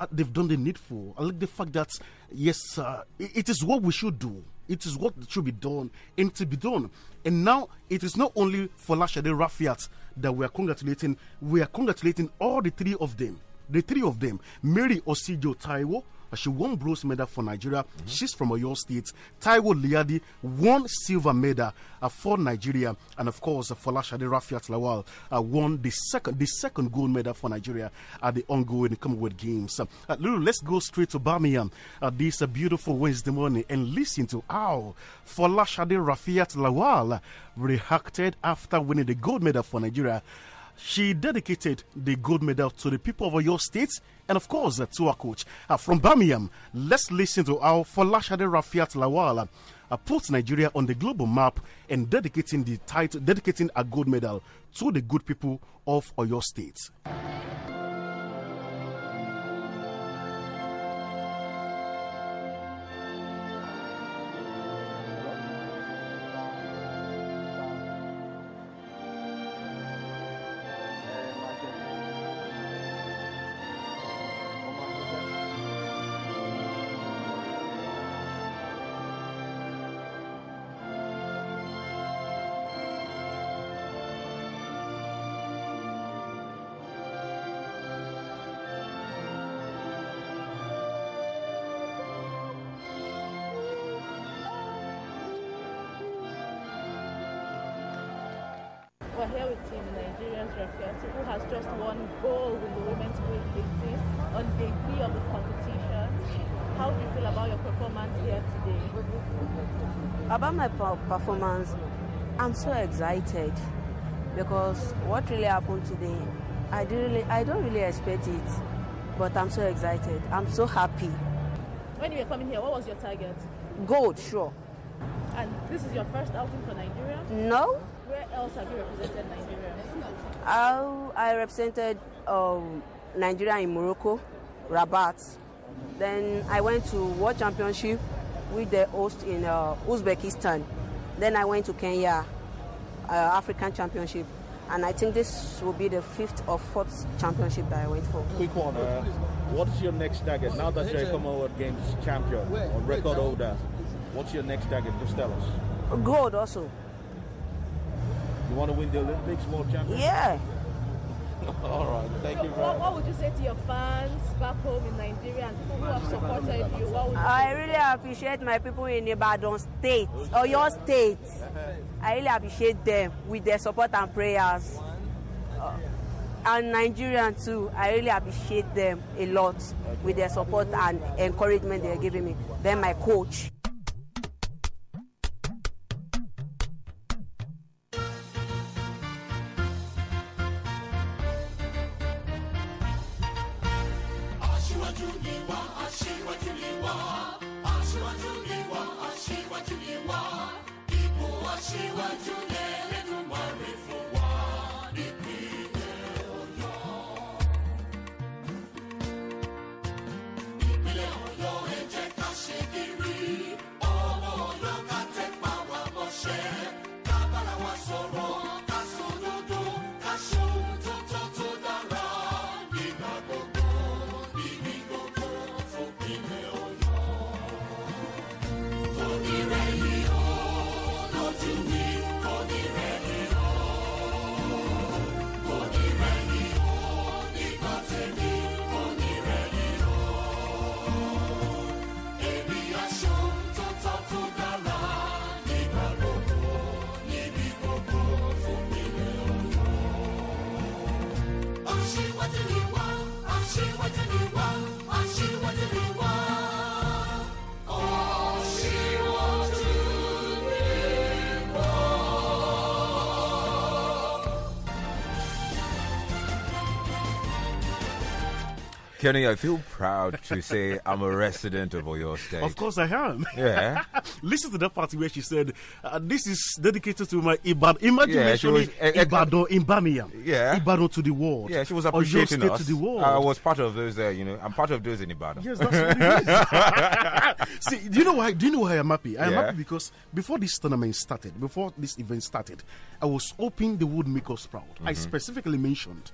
uh, they've done the needful. I like the fact that, yes, uh, it is what we should do. It is what should be done and to be done. And now it is not only Folashade Rafiat that we are congratulating, we are congratulating all the three of them. The three of them, Mary Osijo Taiwo, she won bronze medal for Nigeria. Mm -hmm. She's from Oyo State. Taiwo Liadi won silver medal uh, for Nigeria, and of course, uh, Folashade Rafiat Lawal uh, won the second the second gold medal for Nigeria at the ongoing Commonwealth Games. Uh, Lulu, let's go straight to Birmingham uh, this uh, beautiful Wednesday morning and listen to how Folashade Rafiat Lawal reacted after winning the gold medal for Nigeria she dedicated the gold medal to the people of your state and, of course, to our coach. Uh, from Birmingham, let's listen to how Folashade Rafiat Lawala uh, put Nigeria on the global map and dedicating the title, dedicating a gold medal to the good people of Oyo State. We're here with Team Nigerians who has just won gold in the women's weight lifting on day three of the competition. How do you feel about your performance here today? About my performance, I'm so excited because what really happened today, I do really, I don't really expect it, but I'm so excited. I'm so happy. When you were coming here, what was your target? Gold, sure. And this is your first outing for Nigeria? No, else have you represented Nigeria? I represented um, Nigeria in Morocco, Rabat. Then I went to World Championship with the host in uh, Uzbekistan. Then I went to Kenya, uh, African Championship. And I think this will be the fifth or fourth championship that I went for. Quick one. Uh, what's your next target now that you're Commonwealth Games champion or record holder? What's your next target? Just tell us. Gold also. You want to win the Olympics, World Champions? Yeah. All right. Thank you. What, what, would you say to your fans back home in Nigeria and people who have supported you? What would you I really appreciate my people in Ibadan State or oh, your state. I really appreciate them with their support and prayers. and Nigerian too. I really appreciate them a lot with their support and encouragement they're giving me. Then my coach. Kenny, I feel proud to say I'm a resident of Oyo State. Of course I am. Yeah. Listen to that part where she said, uh, This is dedicated to my Ibadu." Imagine yeah, she was, uh, in Birmingham. Yeah. Ibadu to the world. Yeah, she was appreciating Oyo us. to the world. I was part of those, uh, you know, I'm part of those in Yes, that's what it is. See, do you know why? Do you know why I'm happy? I'm yeah. happy because before this tournament started, before this event started, I was hoping they would make us proud. Mm -hmm. I mm-hmm. specifically mentioned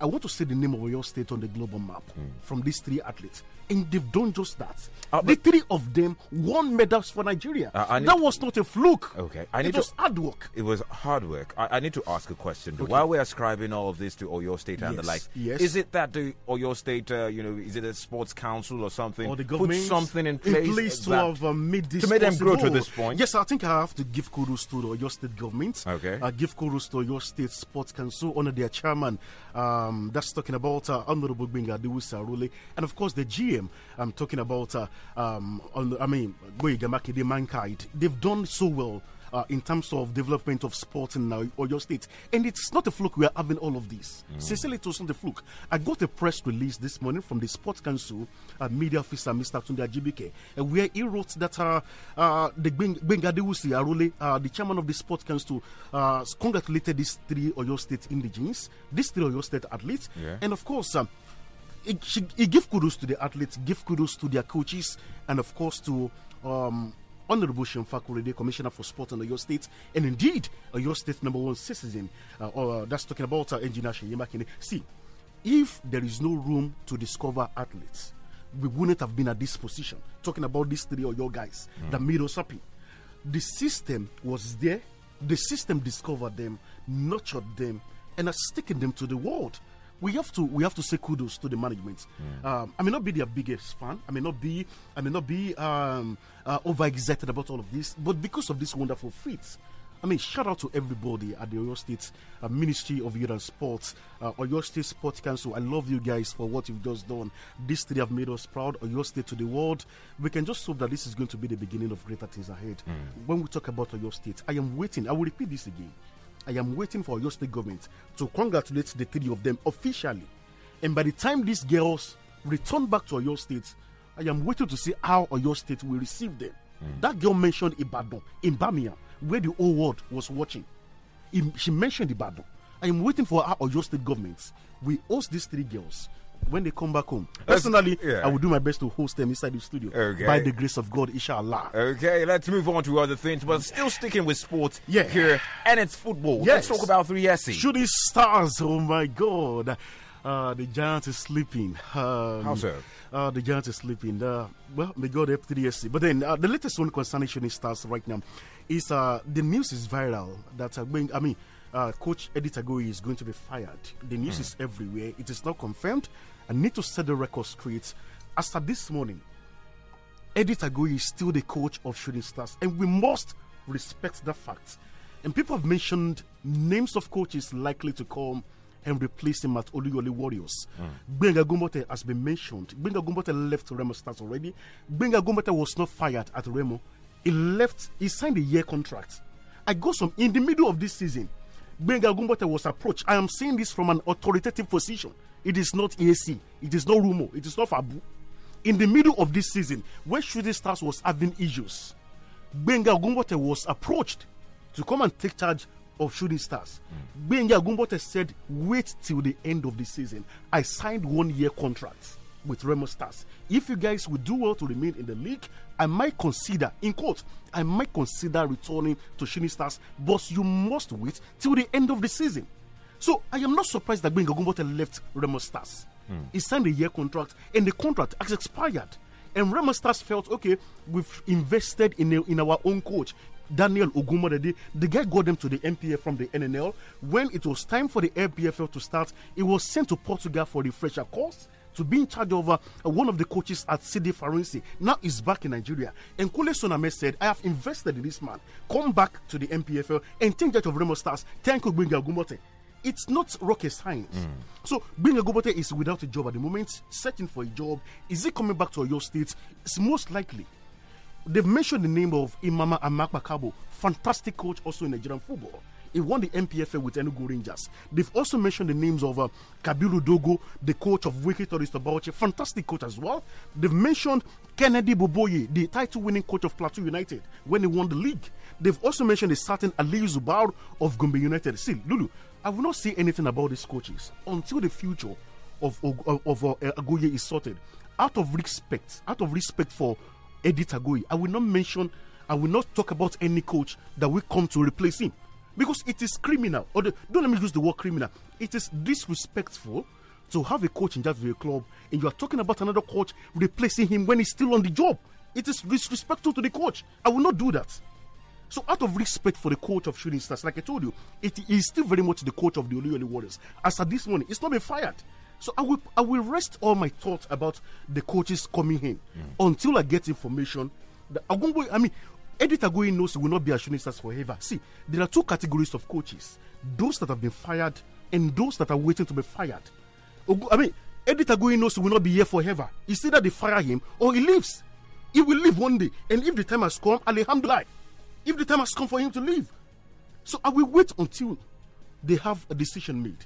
I want to see the name of your state on the global map mm. from these three athletes. And they've done just that. Uh, the three of them won medals for Nigeria. Uh, that was not a fluke. Okay, I need it was to, hard work. It was hard work. I, I need to ask a question. Okay. While we're ascribing all of this to Oyo State and yes. the like, yes. is it that the Oyo State, uh, you know, is it a sports council or something, or the government put something in place, in place to have uh, made this to make them grow to this point? Yes, I think I have to give kudos to the Oyo State government. Okay, I uh, give kudos to Oyo State Sports Council under their chairman. Um, that's talking about uh, Honorable Benga Dewis Rule, and of course the GA game. I'm talking about, uh, um, on, I mean, Goiga Mankind. They've done so well. Uh, in terms of development of sport in uh, State. And it's not a fluke we are having all of this. Mm. Sincerely, it wasn't a fluke. I got a press release this morning from the Sports Council uh, media officer, Mr. Tunde Ajibike, uh, where he wrote that uh, uh, the Bengadewusi Arule, uh, the chairman of the Sports Council, uh, congratulated these three Oyo State indigens, these three Oyo State athletes, yeah. and of course, um, it give kudos to the athletes, give kudos to their coaches, and of course to um, Honorable Shimfakurede, Commissioner for Sport in your State, and indeed your State number one citizen. Uh, uh, that's talking about uh, Engineer Sheyemakine. See, if there is no room to discover athletes, we wouldn't have been at this position. Talking about these three your guys mm. that made us happy. The system was there. The system discovered them, nurtured them, and has taken them to the world we have to we have to say kudos to the management. Mm. Um, I may not be their biggest fan. I may not be I may not be um, uh, over excited about all of this, but because of this wonderful feat. I mean, shout out to everybody at the Oyo State uh, Ministry of Youth and Sports, uh, Oyo State Sports Council. I love you guys for what you've just done. These three have made us proud. Oyo State to the world. We can just hope that this is going to be the beginning of greater things ahead. Mm. When we talk about Oyo State, I am waiting. I will repeat this again. I am waiting for your state government to congratulate the three of them officially. And by the time these girls return back to your state, I am waiting to see how your state will receive them. Mm. That girl mentioned Ibadan in Birmingham, where the whole world was watching. She mentioned Ibadan. I am waiting for our Oyo state government. We host these three girls when they come back home. Personally, yeah. I will do my best to host them inside the studio. Okay. By the grace of God, inshallah. Okay, let's move on to other things, but still sticking with sports yeah. here, and it's football. Yes. Let's talk about 3SE. Shooting stars, oh my God. Uh, the Giants is sleeping. Um, How so? Uh, the Giants is sleeping. Uh, well, may God to the sc But then uh, the latest one concerning shooting stars right now is uh, the news is viral that uh, going, I mean, uh, coach Eddie Tagoi is going to be fired. The news mm. is everywhere. It is not confirmed. I need to set the record straight. As of this morning, Eddie Tagoi is still the coach of Shooting Stars, and we must respect that fact. And people have mentioned names of coaches likely to come and replace him at Oluyole Warriors. Mm. Benga Gumbote has been mentioned. Benga Gumbote left Remo Stars already. Benga Gumbote was not fired at Remo. He left, he signed a year contract. I got some in the middle of this season. Benga Gumbote was approached. I am saying this from an authoritative position. It is not AC. It is not Rumo. It is not Fabu. In the middle of this season, when Shooting Stars was having issues, Benga Gumbote was approached to come and take charge of Shooting Stars. Mm. Benga Gumbota said, wait till the end of the season. I signed one year contract with Remo Stars. If you guys would do well to remain in the league, I might consider, in quote, I might consider returning to Shini Stars, but you must wait till the end of the season. So I am not surprised that Benga Gumbote left Remo Stars. Mm. He signed a year contract, and the contract has expired. And Remo Stars felt, okay, we've invested in, a, in our own coach. Daniel Ogumodede, the guy got them to the MPF from the NNL. When it was time for the MPFL to start, it was sent to Portugal for the fresher course to be in charge of uh, one of the coaches at CD Farense. Now he's back in Nigeria. And Kule Soname said, I have invested in this man. Come back to the MPFL and think that of Remo Stars. Thank you, Binga Gumote it's not rocket science. Mm. So being a Gobote is without a job at the moment, searching for a job. Is he coming back to your state? It's most likely. They've mentioned the name of Imama Amakabu, Kabo, fantastic coach also in Nigerian football. He won the MPFA with Enugu Rangers. They've also mentioned the names of uh, Kabiru Dogo, the coach of Wiki Torista Bauchi, fantastic coach as well. They've mentioned Kennedy Boboye, the title winning coach of Plateau United when he won the league. They've also mentioned a certain Aliyu Zubair of Gombe United. See, Lulu, I will not say anything about these coaches until the future of, of, of uh, Agoye is sorted. Out of respect, out of respect for Edith Agoye, I will not mention, I will not talk about any coach that will come to replace him because it is criminal. Or the, don't let me use the word criminal. It is disrespectful to have a coach in Javier club and you are talking about another coach replacing him when he's still on the job. It is disrespectful to the coach. I will not do that. So, out of respect for the coach of Shooting Stars, like I told you, it is still very much the coach of the Oluyole Warriors. As at this morning, it's not been fired. So I will I will rest all my thoughts about the coaches coming in mm. until I get information. That I mean, Edith Agoye knows he will not be a Shooting forever. See, there are two categories of coaches those that have been fired and those that are waiting to be fired. I mean, Edith Agoye knows he will not be here forever. It's either they fire him or he leaves. He will leave one day. And if the time has come, Alhamdulillah, if the time has come for him to leave. So I will wait until they have a decision made.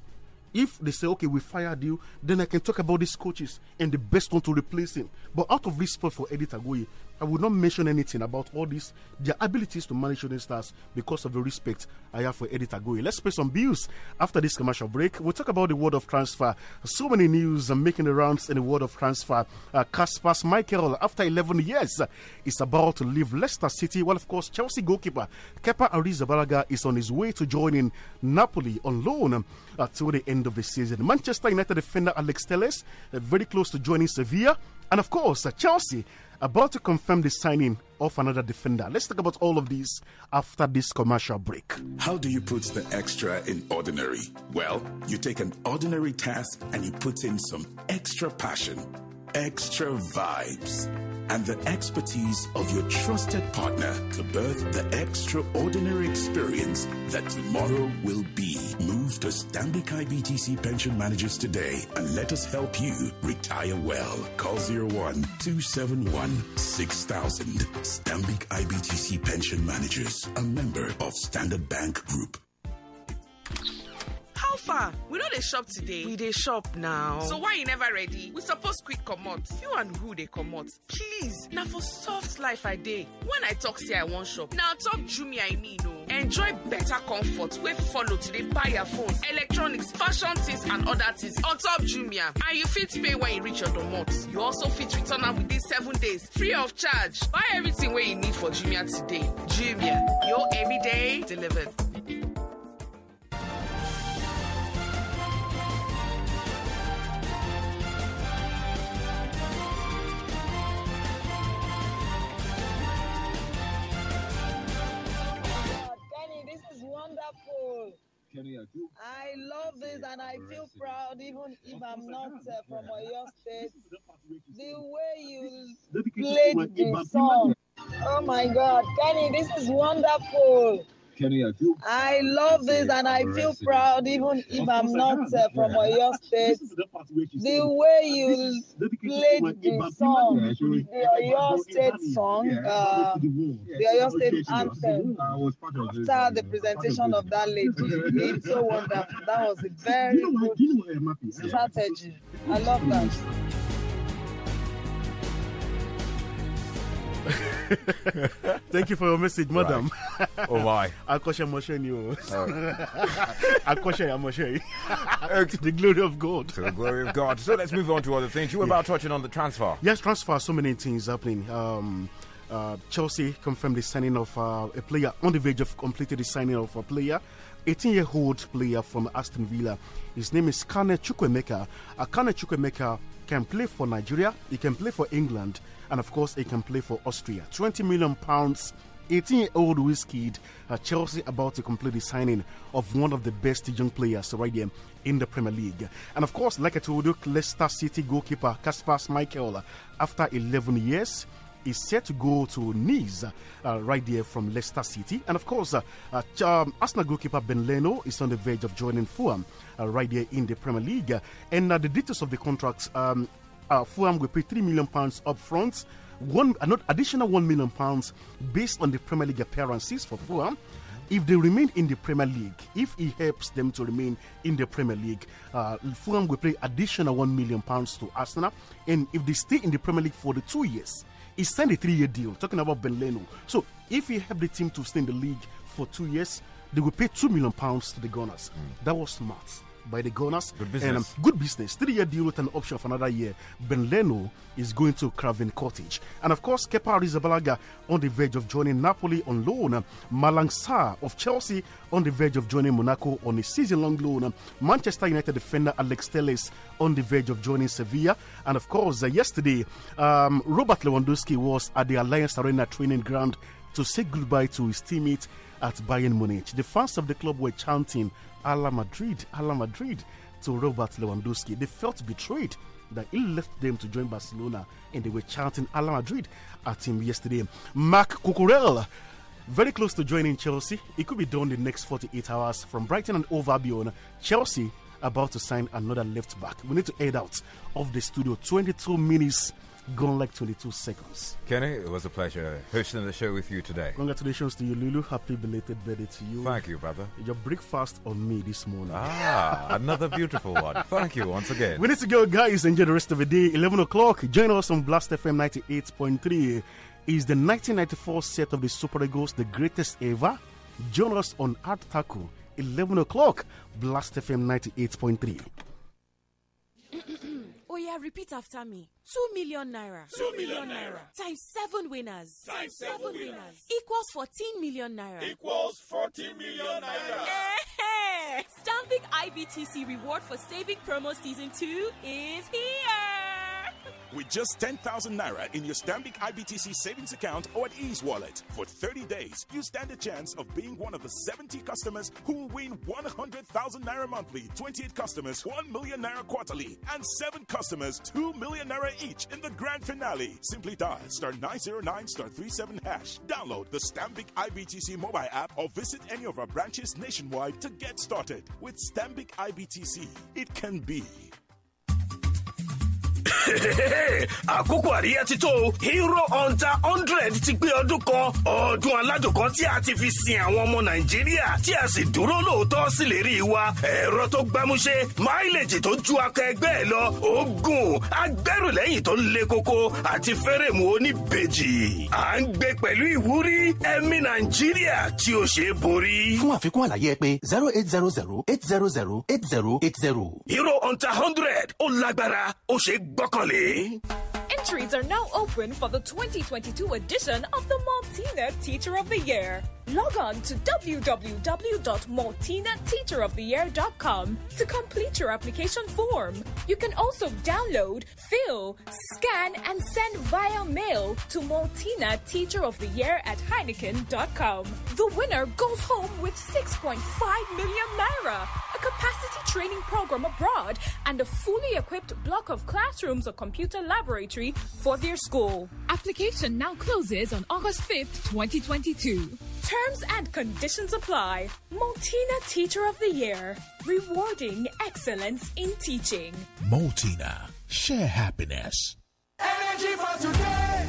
If they say, okay, we fired you, then I can talk about these coaches and the best one to replace him. But out of respect for Edith Agoye, I would not mention anything about all this. their abilities to manage shooting stars because of the respect I have for Edith Agoye. Let's pay some bills after this commercial break. We'll talk about the world of transfer. So many news are making the rounds in the world of transfer. Casper's uh, Michael, after 11 years, is about to leave Leicester City. Well, of course, Chelsea goalkeeper Kepa Arrizabalaga is on his way to joining Napoli on loan uh, till the end of the season. Manchester United defender Alex Telles uh, very close to joining Sevilla, and of course uh, Chelsea about to confirm the signing of another defender. Let's talk about all of these after this commercial break. How do you put the extra in ordinary? Well, you take an ordinary task and you put in some extra passion extra vibes and the expertise of your trusted partner to birth the extraordinary experience that tomorrow will be. Move to Stanbic IBTC Pension Managers today and let us help you retire well. Call 01 271 6000. Stanbic IBTC Pension Managers, a member of Standard Bank Group how far we know dey shop today we dey shop now so why you never ready we suppose quick commode. you and who dey commode? please Now for soft life i dey when i talk say i want shop Now talk jumia i mean o oh. enjoy better comfort We follow to buy your phones electronics fashion things and other things on top jumia and you fit pay when you reach your domot you also fit return am within seven days free of charge buy everything where you need for jumia today jumia your everyday delivered. I love this and I feel proud even if I'm not uh, from Oyo State. The way you played this song. Oh my God, Kenny, this is wonderful. Kenny, I feel. I love this, and I feel proud, even if I'm not uh, from Oyo State. The way you played the song, uh, the Oyo State song, the Oyo State anthem. After the uh, presentation of that lady, it's so wonderful. That was a very good eh? strategy. I love that. Thank you for your message, right. madam. Oh my. Akosha Moshe you. Akosha Moshe. To the glory of God. To the glory of God. So let's move on to other things. You were yeah. about touching on the transfer. Yes, transfer. So many things happening. Um, uh, Chelsea confirmed the signing of uh, a player on the verge of completing the signing of a player. 18 year old player from Aston Villa. His name is Kane Chukwemeka. Uh, Kane Chukwemeka can play for Nigeria, he can play for England, and of course, he can play for Austria. 20 million pounds 18 year old Wizkid, uh, Chelsea about to complete the signing of one of the best young players right here in the Premier League. And of course, like I told you, Leicester City goalkeeper Kasper Schmeichel, after 11 years, is set to go to Nice uh, right there from Leicester City. And of course, uh, uh, um, Arsenal goalkeeper Ben Leno is on the verge of joining Fulham uh, right there in the Premier League. And uh, the details of the contracts um, uh, Fulham will pay three million pounds up front, one uh, not additional one million pounds based on the Premier League appearances for Fulham. If they remain in the Premier League, if he helps them to remain in the Premier League, uh, Fulham will pay additional one million pounds to Arsenal. And if they stay in the Premier League for the two years, he signed a three-year deal. Talking about Ben Leno. So if he helps the team to stay in the league for two years, they will pay two million pounds to the Gunners. Mm. That was smart by the Gunners. Good business. And, um, good business. Three year deal with an option for another year. Ben Leno is going to Craven Cottage. And of course, Kepa Rizabalaga on the verge of joining Napoli on loan. Malang Sarr of Chelsea on the verge of joining Monaco on a season long loan. Manchester United defender Alex Telles on the verge of joining Sevilla. And of course, uh, yesterday, um, Robert Lewandowski was at the Alliance Arena training ground to say goodbye to his teammate at Bayern Munich. The fans of the club were chanting Ala Madrid, Ala Madrid to Robert Lewandowski. They felt betrayed that he left them to join Barcelona and they were chanting Ala Madrid at him yesterday. Mark Cucurella very close to joining Chelsea. It could be done in the next 48 hours from Brighton and over beyond. Chelsea about to sign another left back. We need to head out of the studio. 22 minutes gone like 22 seconds. Kenny, it was a pleasure hosting the show with you today. Congratulations to you, Lulu. Happy belated birthday to you. Thank you, brother. Your breakfast on me this morning. Ah, another beautiful one. Thank you once again. We need to go, guys. Enjoy the rest of the day. 11 o'clock. Join us on Blast FM 98.3. Is the 1994 set of the Super Eagles the greatest ever? Join us on Art Taco, 11 o'clock, Blast FM 98.3. Oh yeah, repeat after me. Two million naira. Two million naira. Times seven winners. Times seven, seven winners. winners. Equals fourteen million naira. Equals fourteen million naira. Hey, Stamping IBTC reward for saving promo season two is here with just 10,000 naira in your Stambik IBTC savings account or at Ease Wallet. For 30 days, you stand a chance of being one of the 70 customers who will win 100,000 naira monthly, 28 customers 1 million naira quarterly, and 7 customers 2 million naira each in the grand finale. Simply dial star 909 star 37 hash. Download the Stambik IBTC mobile app or visit any of our branches nationwide to get started. With Stambik IBTC, it can be. àkókò àríyá ti tó hero hunter hundred ti gbé ọdún kan ọdún aládùn kan tí a ti fi sin àwọn ọmọ nàìjíríà tí a sì dúró lóòótọ́ sí lè rí i wa ẹ̀rọ tó gbámúṣé máìlèjì tó ju akọ ẹgbẹ́ ẹ lọ oògùn agbẹrùlẹ́yìn tó ń le koko àti fẹ́rẹ̀mù oníbejì à ń gbé pẹ̀lú ìwúrí ẹ̀mí nàìjíríà tí ó ṣe é borí. fún àfikún àlàyé ẹ pé zero eight zero zero eight zero zero eight zero eight zero. hero hunter hundred ó lágbára ó ṣe é gbọ́kànlé. Entries are now open for the 2022 edition of the Martina Teacher of the Year. Log on to www.martinateacheroftheyear.com to complete your application form. You can also download, fill, scan, and send via mail to Martina Teacher of the Year at Heineken.com. The winner goes home with 6.5 million naira, a capacity training program abroad, and a fully equipped block of classrooms or computer laboratory entry for their school. Application now closes on August 5th, 2022. Terms and conditions apply. Multina Teacher of the Year, rewarding excellence in teaching. Multina, share happiness. Energy for today,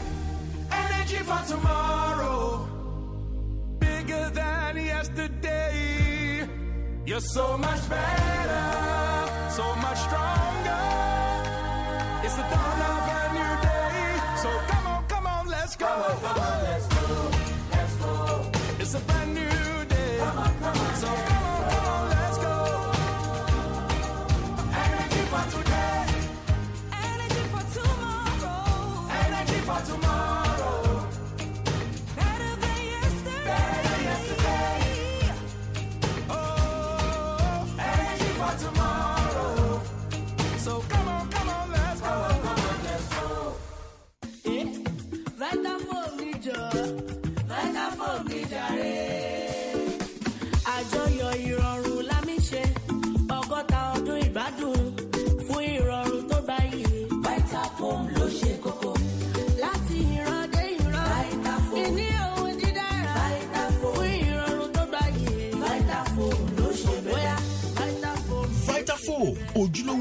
energy for tomorrow. Bigger than yesterday. You're so much better, so much stronger. It's the dawn of a new day. So come on, come on, let's go. Come on, come on, let's go. Let's go. It's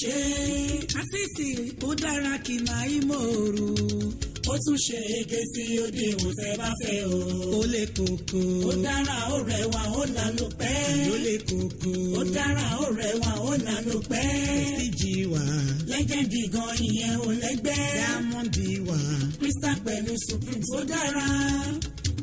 ṣe àṣìṣì ó dára kì máa í mòrò ó tún ṣe ege sí odi ìwò tẹ bá fẹ́ o. ó le koko. ó dára ó rẹwà ó là ló pẹ́. ó le koko. ó dára ó rẹwà ó là ló pẹ́. síjì wá. lẹ́gẹ̀dì gan ìyẹn ò lẹ́gbẹ́. dáàmọ́ndì wá. crystal pẹ̀lú supreme ó dára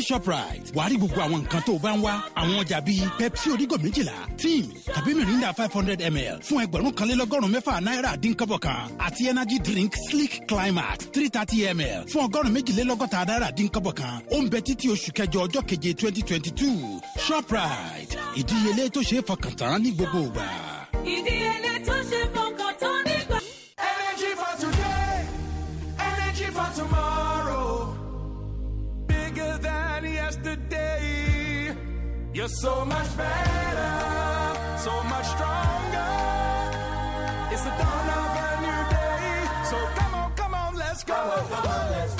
ní shoprite wàá rí gbogbo àwọn nǹkan tó o bá ń wá àwọn ọjà bíi pepsi orígò méjìlá team tàbí mirinda five hundred ml fún ẹgbẹ̀rún kan lé lọ́gọ́rùn-ún mẹ́fà náírà dín kan àti energy drink slick climax three thirty ml fún ọgọ́rùn-ún méjìlélọ́gọ́ta náírà dín kọ́bọ̀ kan ó ń bẹ títí oṣù kẹjọ ọjọ́ keje twenty twenty two shoprite ìdíyelé tó ṣe é fọkàn tán ní gbogbo ìgbà. ìdíyelé tó ṣe é You're so much better, so much stronger. It's the dawn of a new day. So come on, come on, let's go. Come on, come on, let's go.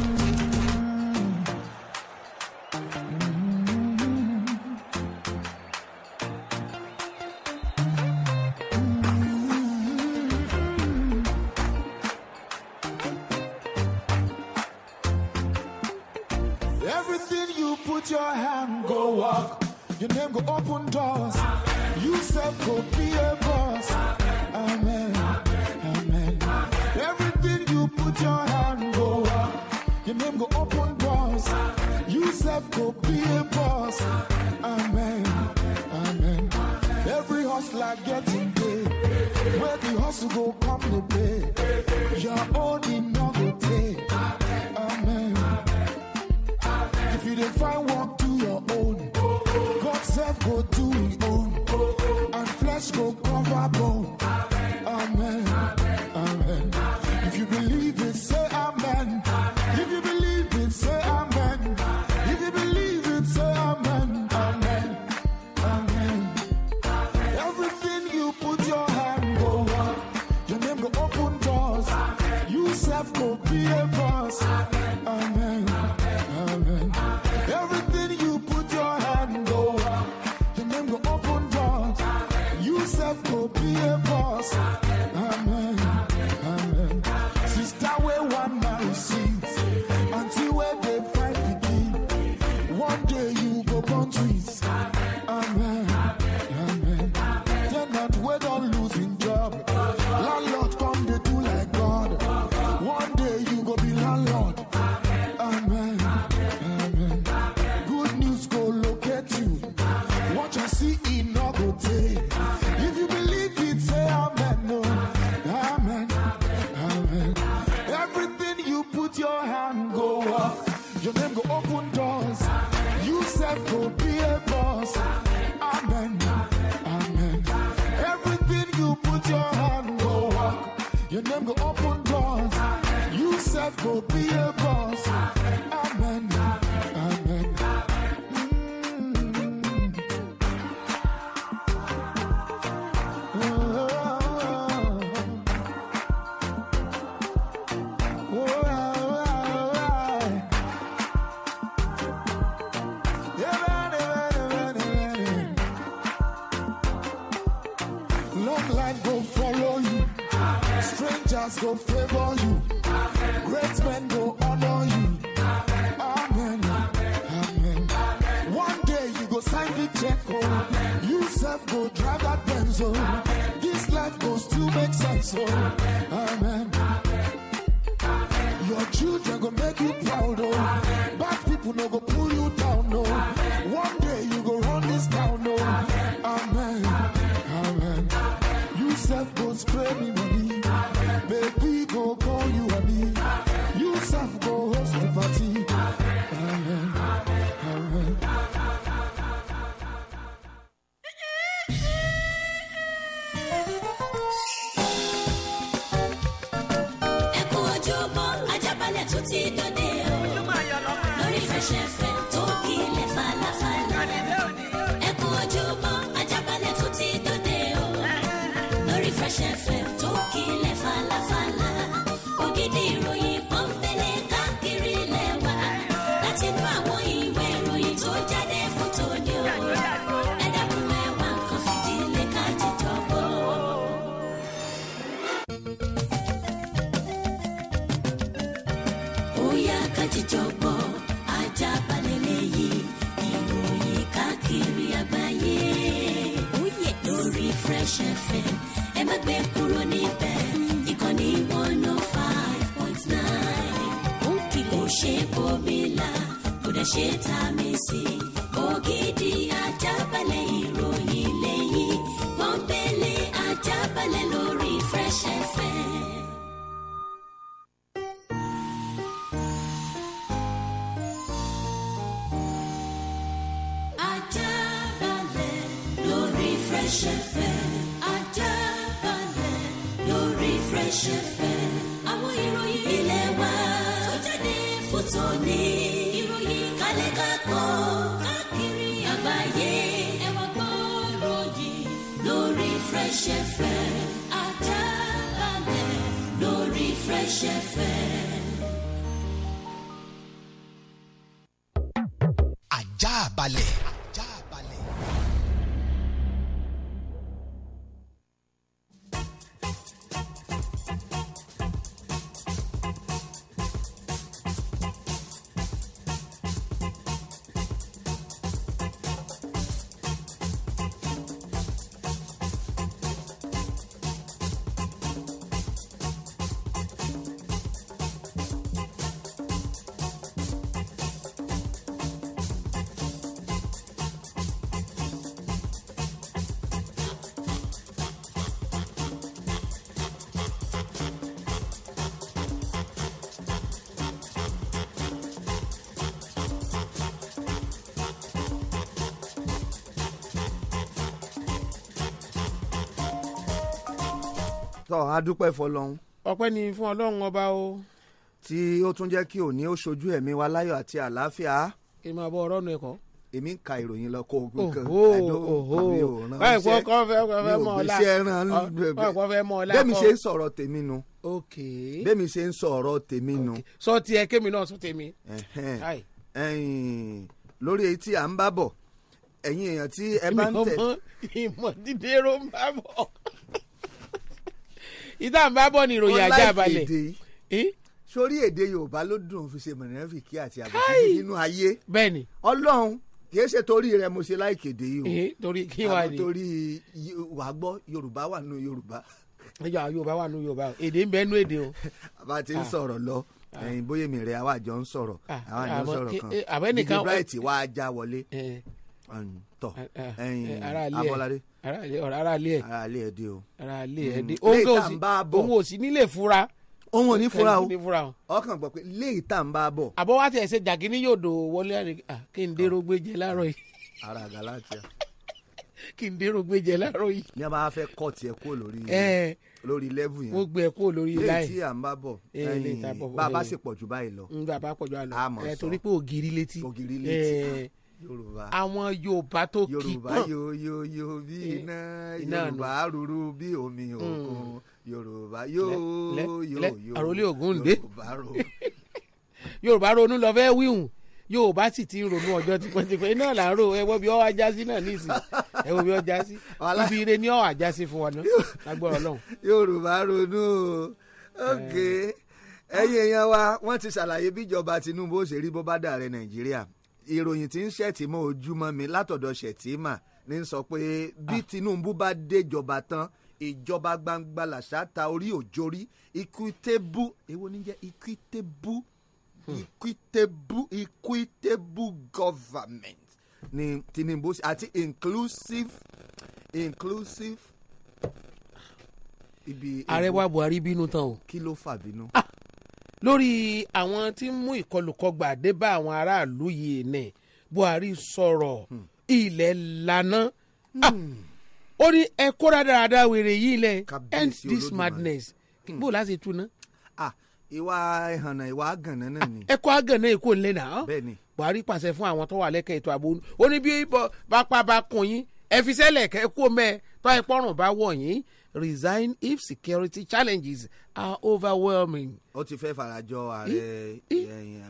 life could be a boss. Amen. Amen. ṣe tá a mi sí ògidì. tọ́ a dúpẹ́ fọlọ́run. ọpẹ́ ni fún ọlọ́run ọba o. tí ó tún jẹ́ kí òní ó ṣojú ẹ̀mí wa láyọ̀ àti àlàáfíà. kí n ọ̀rọ̀ nù ẹ̀kọ́ èmi ń ka ìròyìn lọ kó ogun kan àdóhùn báyìí kò kọ́ fẹ́ kọ́ fẹ́ mọ̀ ṣe ń sọ̀rọ̀ tèmi nu bẹ́ẹ̀ mi ṣe ń sọ̀rọ̀ tèmi nu. sọ tiẹ̀ kémi náà sọ tèmi. lórí èyí tí à ń bá bọ̀ ìtàǹbá bọ̀ ní ìròyìn ajá balẹ̀ sórí èdè yorùbá ló dùn fi ṣe mọ̀nẹ́fìkì àti àbòsí nínú ayé bẹ́ẹ̀ni ọlọ́run kìí ṣe torí rẹ mo ṣe láìkéde yìí o torí kí wàá ní torí wà á gbọ́ yorùbá wà nù yorùbá. ẹjọ́ yorùbá wà nù yorùbá o èdè ń bẹ nú èdè o. bá a ti ń ah. sọ̀rọ̀ lọ ah. ẹ̀yin bóyá mi rẹ̀ àwa àjọ ń sọ̀rọ̀ ah. àwa àjọ ń sọ̀rọ̀ kan eh, ibi bright eh. wá já wọlé eh tọ ẹyin abọ́ládé aráalé ẹ aráalé ẹ dé o. aráalé ẹ hmm, dé o kò sí òun ò sí nílé fura. òun ò ní fura o ọkàn gbọ́ pé léyìí tá n bá bọ̀. àbọ̀ wá ti ẹ̀ ṣe jàgínní yóò dò wọlé àrè kí n dérò gbé jẹ láàárọ̀ yìí. ara galatia. kí n dérò gbé jẹ láàárọ̀ yìí. ní a máa fẹ́ kọ́ tiẹ̀ kó lórí lórí lẹ́vù yẹn. mo gbẹ kó lórí láì. léyìí tí à ń bá bọ̀ ẹyin bàbá sì pọ̀ jù báyìí lọ. Hmm, bàbá pọ̀ jù báyìí lọ. a mọ̀ sọ torí pé ògiri létí. ògiri létí yorùbá àwọn yorùbá tó kì í kàn eh, yorùbá yoyoyo bí iná yorùbá rúru bí omi hmm. òkun yorùbá yoyoyo àròlé ògùn ǹdẹ yorùbá ronú lọ fẹ́ wíhùn yorùbá sì ti ń ronú ọjọ́ tipẹ́tipẹ́ iná là ẹwọ́ bí ọwọ́ ajá náà nísìn ẹwọ́ bí ọjà sí ibi ire ni ọwọ́ ajá fún wa náà lágbára ọlọ́run. yorùbá ronú o ok eh. ẹ̀yin èèyàn wa wọ́n ti ṣàlàyé bíjọba Tinubu ó ṣe rí bó dàrẹ Nàìjíríà ìròyìn tí ń ṣẹ̀tìmọ́ ojúmọ́ mi látọ̀dọ̀ ṣẹ̀tìmọ́ ní sọ pé ah. bí Tinubu bá déjọba tán ìjọba gbangba làṣà ta orí òjòrí equitable èwo ní jẹ́ equitable hmm. equitable equitable government ni Tinubu àti inclusive inclusive ibi. ààrẹ wa Buhari bínú tán o. kí ló fà bínú. ah lórí àwọn tí ń mú ìkọlùkọgbà dé bá àwọn aráàlú yìí ni Buhari sọ̀rọ̀ hmm. ilẹ̀ lana hmm. ah, ó ní ẹ kóra dáadáa wèrè yìí lẹ end this madness hmm. bó o láti tu ná. Ah, ìwà ìhànà ìwà àgànná náà ni. Ah, ẹ kọ́ àgànná èkó ńlẹ̀ náà. bẹ́ẹ̀ni. Buhari pàṣẹ fún àwọn tó wà lẹ́kẹ̀ẹ́ ètò ààbò ó ní bí bá pa bá kun yín ẹ fi sẹ́lẹ̀ kẹ́ kó mẹ́ tọ́ ẹ pọ́rùn bá wọ̀ yín resign if security challenges are overwhelming. ó ti fẹ́ farajọ ààrẹ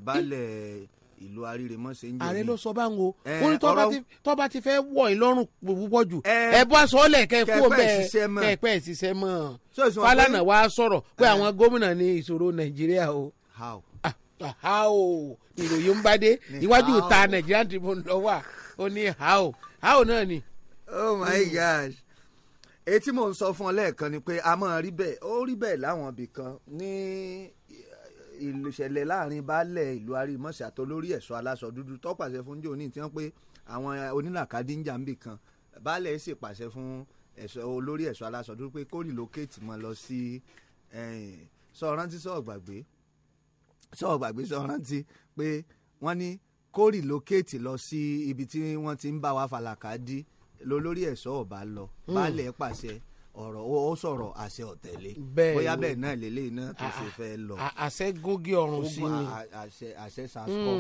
balẹ̀ ìlú aríremọ́sẹ̀ ń jẹ́ ààrẹ ló sọ báwọn o ó ní tó bá ti fẹ́ wọ̀ ẹ́ lọ́rùn púpọ̀ jù ẹ bọ́ aṣọ ọ̀lẹ̀ kẹ́kọ̀ọ́ bẹ́ẹ̀ kẹ́pẹ́ ìṣiṣẹ́ mọ́ Fálànà wàá sọ̀rọ̀ pé àwọn gómìnà ní ìṣòro Nàìjíríà o. how ah, ah, how ìròyìn ń bá dé iwájú ta Nigerian Tribune lọ́wọ́ à ó ní how how náà ni. oh my gosh etí mò ń sọ fún ọ lẹ́ẹ̀kan ni pé a máa rí bẹ́ẹ̀ ó rí bẹ́ẹ̀ láwọn ibì kan ní eh, ìṣẹ̀lẹ̀ láàrin baálẹ̀ ìlú arímọ̀ṣà tó lórí ẹ̀ṣọ́ aláṣọ dúdú tó pàṣẹ fún jòhún ní tí wọ́n pé àwọn onílàkadì ń jà ń bì kan baálẹ̀ sì pàṣẹ fún ẹ̀ṣọ́ olórí ẹ̀ṣọ́ aláṣọ dúdú pé kó relocate mọ́ lọ sí eh, sọ rántí sọ gbàgbé sọ gbàgbé sọ rántí pé wọ́n ní kó relocate lọ sí ibi tí wọ́n ti ń bá wa fàlàkà dí lólórí ẹ̀ṣọ́ ọ̀bá lọ hmm. baálẹ̀ pàṣẹ ọ̀rọ̀ ó sọ̀rọ̀ àṣẹ ọ̀tẹ̀lé bóyá bẹ́ẹ̀ náà lélẹ́yìn náà tó ṣe fẹ́ lọ. àṣẹ gógé ọrùn sí ni àṣẹ sasco.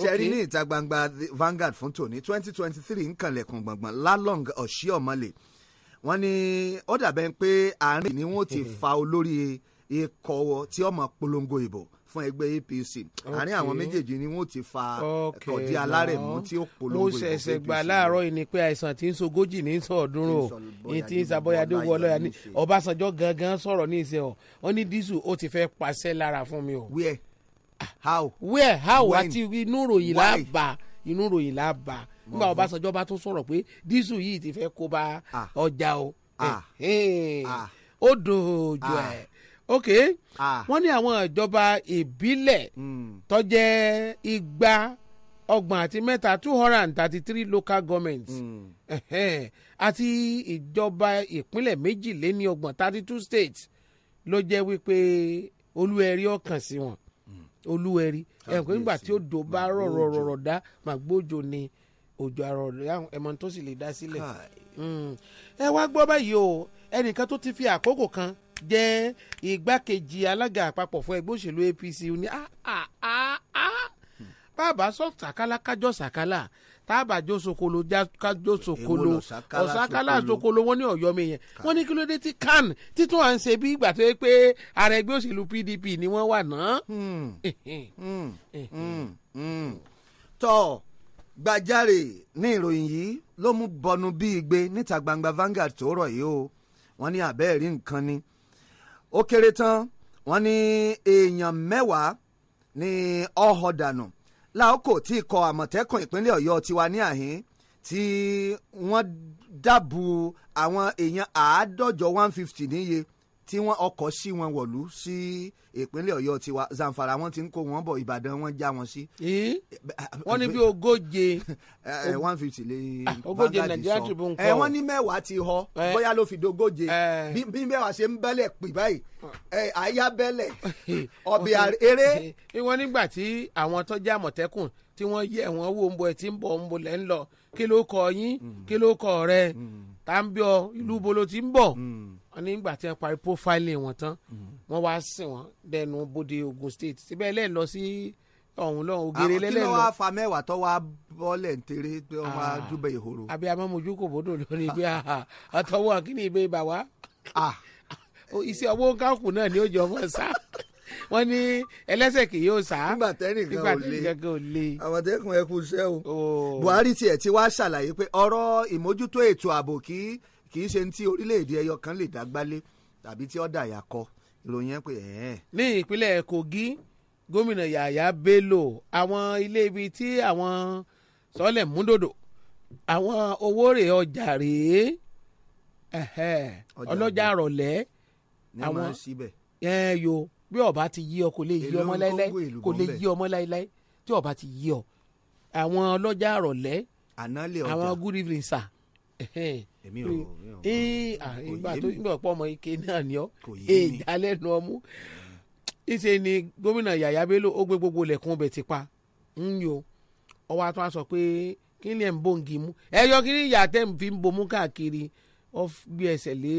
sẹ́rí hmm, ní ìta gbangba Vanguard fún tòní twenty twenty three nkànlẹ̀kùn gbọ̀ngbọ̀n lálọ́ng ọ̀ṣíọ̀mọ́lẹ̀ wọ́n ní ó dàbẹ́ pé àárín ni wọ́n ti fa olórí ikọ̀ tí ọmọ polongo ìbò fún ẹgbẹ́ APC àárín àwọn méjèèjì ni wọ́n ti fa kọ̀dí alárẹ̀mú tí ó polongo ìbò APC. mo ṣẹ̀ṣẹ̀ gbà láàárọ̀ yìí ni pé àìsàn tí ń sogójì ní sọ̀ọ́dúnrún o ní ti ń sàbọ̀yàdé wọ ọlọ́yà ní Ọbásanjọ́ gangan sọ̀rọ̀ ní ìsìn ọ̀ ó ní dísù ó ti fẹ́ pàṣẹ lára fún mi o. where how where how àti inú ròyìn láàbà inú ròyìn láàbà nígbà Ọbásanjọ́ bá tún sọ̀rọ̀ pé dísù yìí ti fẹ́ kó bá ah. ọjà o ah. Ah. ó dojú ẹ̀ ok ah. wọ́n ní àwọn ìjọba ìbílẹ̀ hmm. tó jẹ́ igba ọgbọ̀n àti mẹ́ta two hundred and thirty three local governments hmm. àti ìjọba ìpínlẹ̀ méjìléní ọgbọ̀n thirty two states ló jẹ́ wípé olúẹ̀rí ọkàn sí wọn hmm. olúẹ̀rí ẹ̀kọ́ nígbà tí ó dò bá rọ̀rọ̀ rọ̀rọ̀ dá màgbójo ni òjò àrọ̀ ẹ̀mọ́ tó sì lè dá sílẹ̀ ẹ wá gbọ́ báyìí o ẹnìkan tó ti fi àkókò kan jẹ́ igbákejì alága àpapọ̀ fún ẹgbẹ́ òṣèlú APC ní bàbá sọ sàkálà kájọ sàkálà tábà jó sokolo jájó sokolo ọ̀sàkálà sokolo wọn ní ọ̀yọ́ mi yẹn wọn ní kí ló dé tí kan títún à ń ṣe bí ìgbà tó yẹ pé ààrẹ ẹgbẹ́ òṣèlú PDP ni wọ́n wà náà. Hmm. Eh, eh. hmm. eh, hmm. tọ́ gbàjáre ní ìròyìn yìí ló mú bọnu bí igbe níta gbangba Vanguard tó rọ̀ yìí o wọ́n ní àbẹ́ẹ̀rí nǹkan ni. Hmm ó kéré tán wọ́n ní èèyàn mẹ́wàá ní ọ̀họ̀ dànù láòkò tí ikọ̀ àmọ̀tẹ́kùn ìpínlẹ̀ ọ̀yọ́ tiwa ní àhín tí wọ́n dábùú àwọn èèyàn àádọ́jọ one fifty níye tí wọ́n ọkọ̀ sí wọn wọ̀lú sí ìpínlẹ̀ ọ̀yọ́ tiwa zamfara wọ́n ti ń kó wọn bọ̀ ìbàdàn wọ́n já wọn sí. wọ́n ní bí ogóje. Eh, eh, one fifty lè ah, ogóje nàìjíríà tribune kọ́. Eh, wọ́n ní mẹ́wàá ti họ bóyá ló fi dogóje bí mẹ́wàá ṣe ń bẹ́lẹ̀ pì báyìí àyà bẹ́lẹ̀ ọbẹ̀ eré. wọ́n nígbà tí àwọn tó jẹ́ àmọ̀tẹ́kùn tí wọ́n yẹ wọ́n wò ń bọ̀ ẹ̀ tí ń bọ̀ ń bọ̀ lẹ́ ń lọ kí ló kọ yín mm. kí ló kọ rẹ mm. tá ọ ìlú bolo ti ń bọ̀ mm nígbà tí wọ́n parí profaili wọn tán hmm. wọ́n wá sìn wọ́n dẹnu bodè Ogun State síbẹ̀ lẹ́ẹ̀ lọ sí ọ̀hún lọ́hún ògèrè ah, lẹ́lẹ́ lọ. àwọn kí ló wá fa mẹ́wàá tó wá bọ́ọ̀lẹ̀ ń tèrè ah, pé wọ́n máa dúbẹ̀ ìhòòrò. àbí amọ́mojú ah, kò bọ́dọ̀ lórí bí àtọwọ́ akínní ìbẹ́ ibà wá. iṣẹ́ ọwọ́ káàkùn náà ni ó jọ fọ́ sá wọ́n ní ẹlẹ́sẹ̀ kì yóò sá. nígbà tẹ́nìkan ò le àmọ̀tẹ́kùn ẹkùn iṣẹ́ o oh. Buhari tiẹ̀ ti wá ṣàlàyé pé ọ̀rọ̀ ìmójútó ètò ààbò kí kì í ṣe ti orílẹ̀-èdè ẹyọ kan lè dágbálé tàbí tí ó dà yà kọ ìròyìn ẹ pé ẹ̀ẹ́n. ní ìpínlẹ̀ Kogi gómìnà Yàyà Bello àwọn ilé ibi tí àwọn sọlẹ̀ múndòdò àwọn owó rẹ̀ ọjà rèé ọlọ́jà rọ̀lẹ́ àwọn yo bí ọba ti yí ọ kò lè yí ọmọ láéláé kò lè yí ọmọ láéláé tí ọba ti yí ọ àwọn ọlọ́jà rọ̀lẹ́ àwọn good evening sir èmi ò ee eh, ah, ìgbà tó ń bọ̀ pọ̀ ọmọ ike náà ni ọ́ eh, ìdálẹ́nu ọmú ìṣe mm. ni gómìnà Yàyà Bello ó gbé gbogbo lẹ̀kùn ọbẹ̀ ti pa ń yo ọwọ́ àtún á sọ pé kí ni ẹ̀ ń bòǹgì mú ẹ yọ kí ni ìyá tẹ́ ń fi ń bomú káàkiri ọ gbé ẹsẹ̀ lé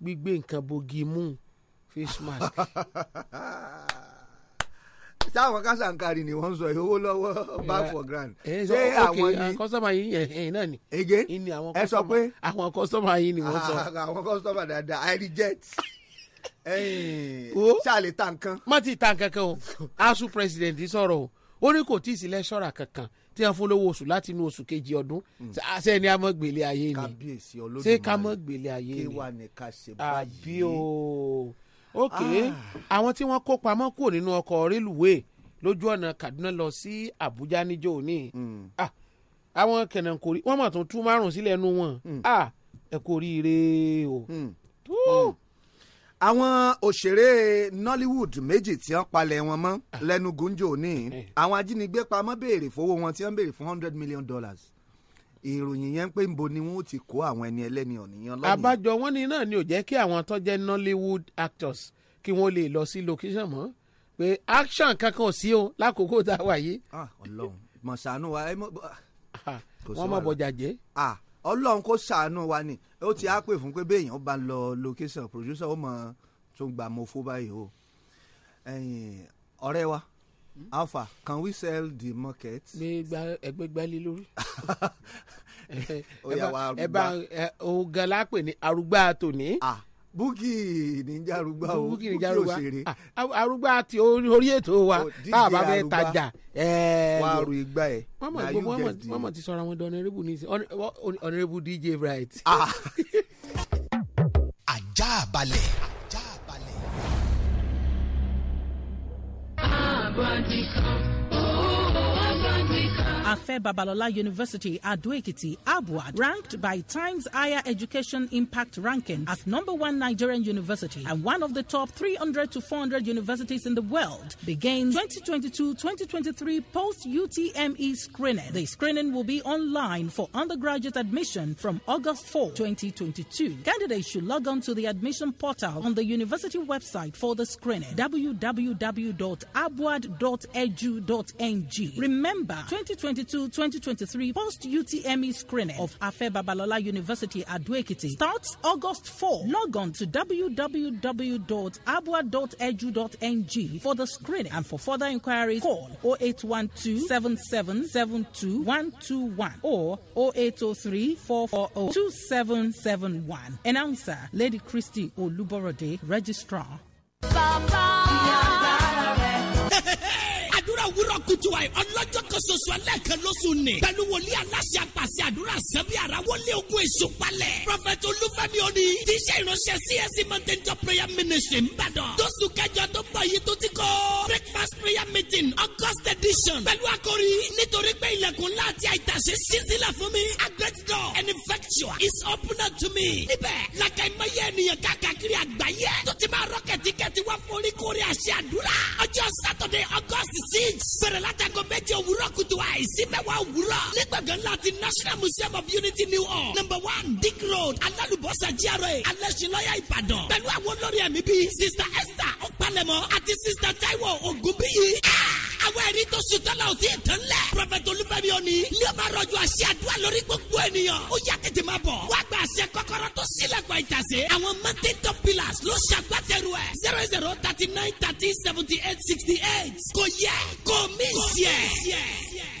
gbígbé nǹkan bògì mú face mask. táwọn kásàǹkarì ni wọ́n ń sọ yìí owó lọ́wọ́ back for grand. Eh, ṣé àwọn ni kọ́sọ́mà yìí yẹn eh, eh, náà ni. ege ẹ sọ pé àwọn kọ́sọ́mà yìí ni wọ́n sọ. Ah, ah, àwọn kọ́sọ́mà dáadáa i reject ṣáàlì ta nǹkan. má ti ta nǹkan kan o asu president sọ̀rọ̀ o ó ní kò tí ì sí lẹ́ṣọ́ra kankan tí wọ́n fún lówó oṣù láti inú oṣù kejì ọdún hmm. ṣe ni a mọ̀ gbélé ayé ni ṣé ká mọ̀ gbélé ayé ni àbí o ok ah. àwọn tí wọ́n kó pamọ́ kúrò nínú ọkọ̀ rélùwéè lójú ọ̀nà Kaduna lọ sí Àbújá níjó òní hmm. ah, àwọn kẹ̀nàkórí wọ́n mọ̀ tún tú márùn sílẹ̀ ẹnu wọn hmm. ah, ẹ kò ríire o. Hmm. àwọn òṣèré Nollywood méjì tí wọ́n palẹ̀ wọn mọ́ lẹ́nu gúnjò ní eh. àwọn ajínigbé pamọ́ béèrè fowó wọn tí wọ́n béèrè fún hundred million dollars ìròyìn yẹn ń pé nbo ni wọn ò ti kó àwọn ẹni ẹlẹ́ni ọ̀nìyàn lọ́nà. àbájọ wọn ni náà ni ò jẹ́ kí àwọn tó Nollywood actors kí wọ́n lè lọ sí location mọ́ pé action kankan sí o lákòókò tá a wà yìí. Ah, Ọlọ́run mọ ṣàánú wa ẹ mọ. wọn mọ bọjà jẹ. Ọlọ́run kò ṣàánú wa ni ó ti á pè fún pé béèyàn bá lọ location producer ó mọ tó gbà mọ fó báyìí o ọ̀rẹ́ wa Alpha, can we sell the market? gbẹgbẹ gbẹgbẹ lé lórí. ó yà wá arúgbá. ẹ bá òun gan la pè ní arúgbá tòní. búkì níjà arúgbá o búkì òṣèré. arúgbá ti orí ètò wa tá oh, a bá fẹ́ tajà. wà á ru igbá ẹ na you get the. mọ́mọ́ ti sọ̀rọ̀ àwọn ọ̀nẹ́rẹ́bù ní ọ̀nẹ́rẹ́bù DJ Bright. Ah. ajá balẹ̀. Nobody come. Afe Babalola University, Aduekiti, Abuad, ranked by Times Higher Education Impact Ranking as number one Nigerian university and one of the top 300 to 400 universities in the world, begins 2022-2023 post-UTME screening. The screening will be online for undergraduate admission from August 4, 2022. Candidates should log on to the admission portal on the university website for the screening, www.abuad.edu.ng. Remember, 2022 2022-2023 post-UTME screening of Afe Babalola University at Duekiti starts August 4. Log on to www.abua.edu.ng for the screening and for further inquiries call 0812 121 or 0803 440 2771. Announcer Lady Christy Oluborode, Registrar. Baba. àdúrà òwúrọ̀ kutu wa ọlọ́jọ́ kan ṣoṣo ẹlẹ́ẹ̀kan lóṣù ni pẹ̀lú wòlíì aláṣẹ àpàṣẹ àdúrà sẹ́mi ara wọlé ogun èso palẹ̀ prọfẹ̀tì olúfẹ́mi òní ti ṣe csc mountain top prayer ministry nìbàdàn tóṣù kẹjọ tó pọ̀ yìí tó ti kọ́ breakfast prayer meeting august edition pẹ̀lú àkòrí nítorí pé ilẹ̀kùn láti àìtàṣe sísílẹ̀ fún mi a great door and effectual is open to me níbẹ̀ làkàìmọye ènìyàn káàkiri àgbáyé tó ti máa rọ́kẹ̀tì kẹ́tì wá forí kórè àṣẹ àdúrà ọjọ́ sátọ̀dẹ̀ august six stage. bẹ̀rẹ̀ látago méje òwúrọ̀ kùtù àìsí mẹ́wàá òwúrọ̀. nígbàgbọ́n láti national museum of unity new york number one dick road alálùbọ́sà GRA alẹ́sìnlọ́yà ìbàdàn pẹ̀lú àwọn olórí ẹ̀mí bíi sister esther ọ̀pálẹ̀mọ́ àti sister taiwo ògúnbíyì. Ah! àwọn ẹ̀rí tó sùn tọ́lá ò tí ì tán lẹ̀. prọfẹ̀tì olúfẹ́mi òní ní ọba rọjò àṣẹ àdúrà lórí gbogbo ènìyàn ó yá tètè máa bọ̀. wá gba àṣẹ kọ́kọ́rọ́ tó sílẹ̀kùn ìtàsé àwọn mountain top pillars ló ṣàgbátẹrù ẹ̀ zero zero thirty nine thirty seventy eight sixty eight kò yẹ kò mí sí ẹ̀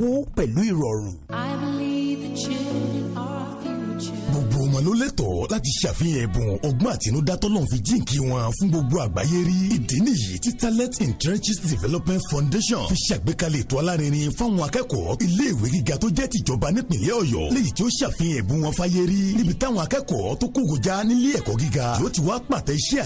náwó pẹ̀lú ìrọ̀rùn. I believe the you nìkan ló lẹ́tọ̀ọ́ láti ṣàfihàn ẹ̀bùn ọgbọ́n àtinúdá tọ́lọ́run fi jíǹkí wọn fún gbogbo àgbáyé rí. ìdí nìyí tí talent in trenches development foundation fi ṣàgbékalẹ̀ ètò alárinrin fáwọn akẹ́kọ̀ọ́ iléèwé gíga tó jẹ́ tìjọba nípìnlẹ̀ ọ̀yọ́ léyìí tí ó ṣàfihàn ẹ̀bùn wọn fáyé rí níbi táwọn akẹ́kọ̀ọ́ tó kógojá nílé ẹ̀kọ́ gíga yóò ti wá pàtẹ iṣẹ́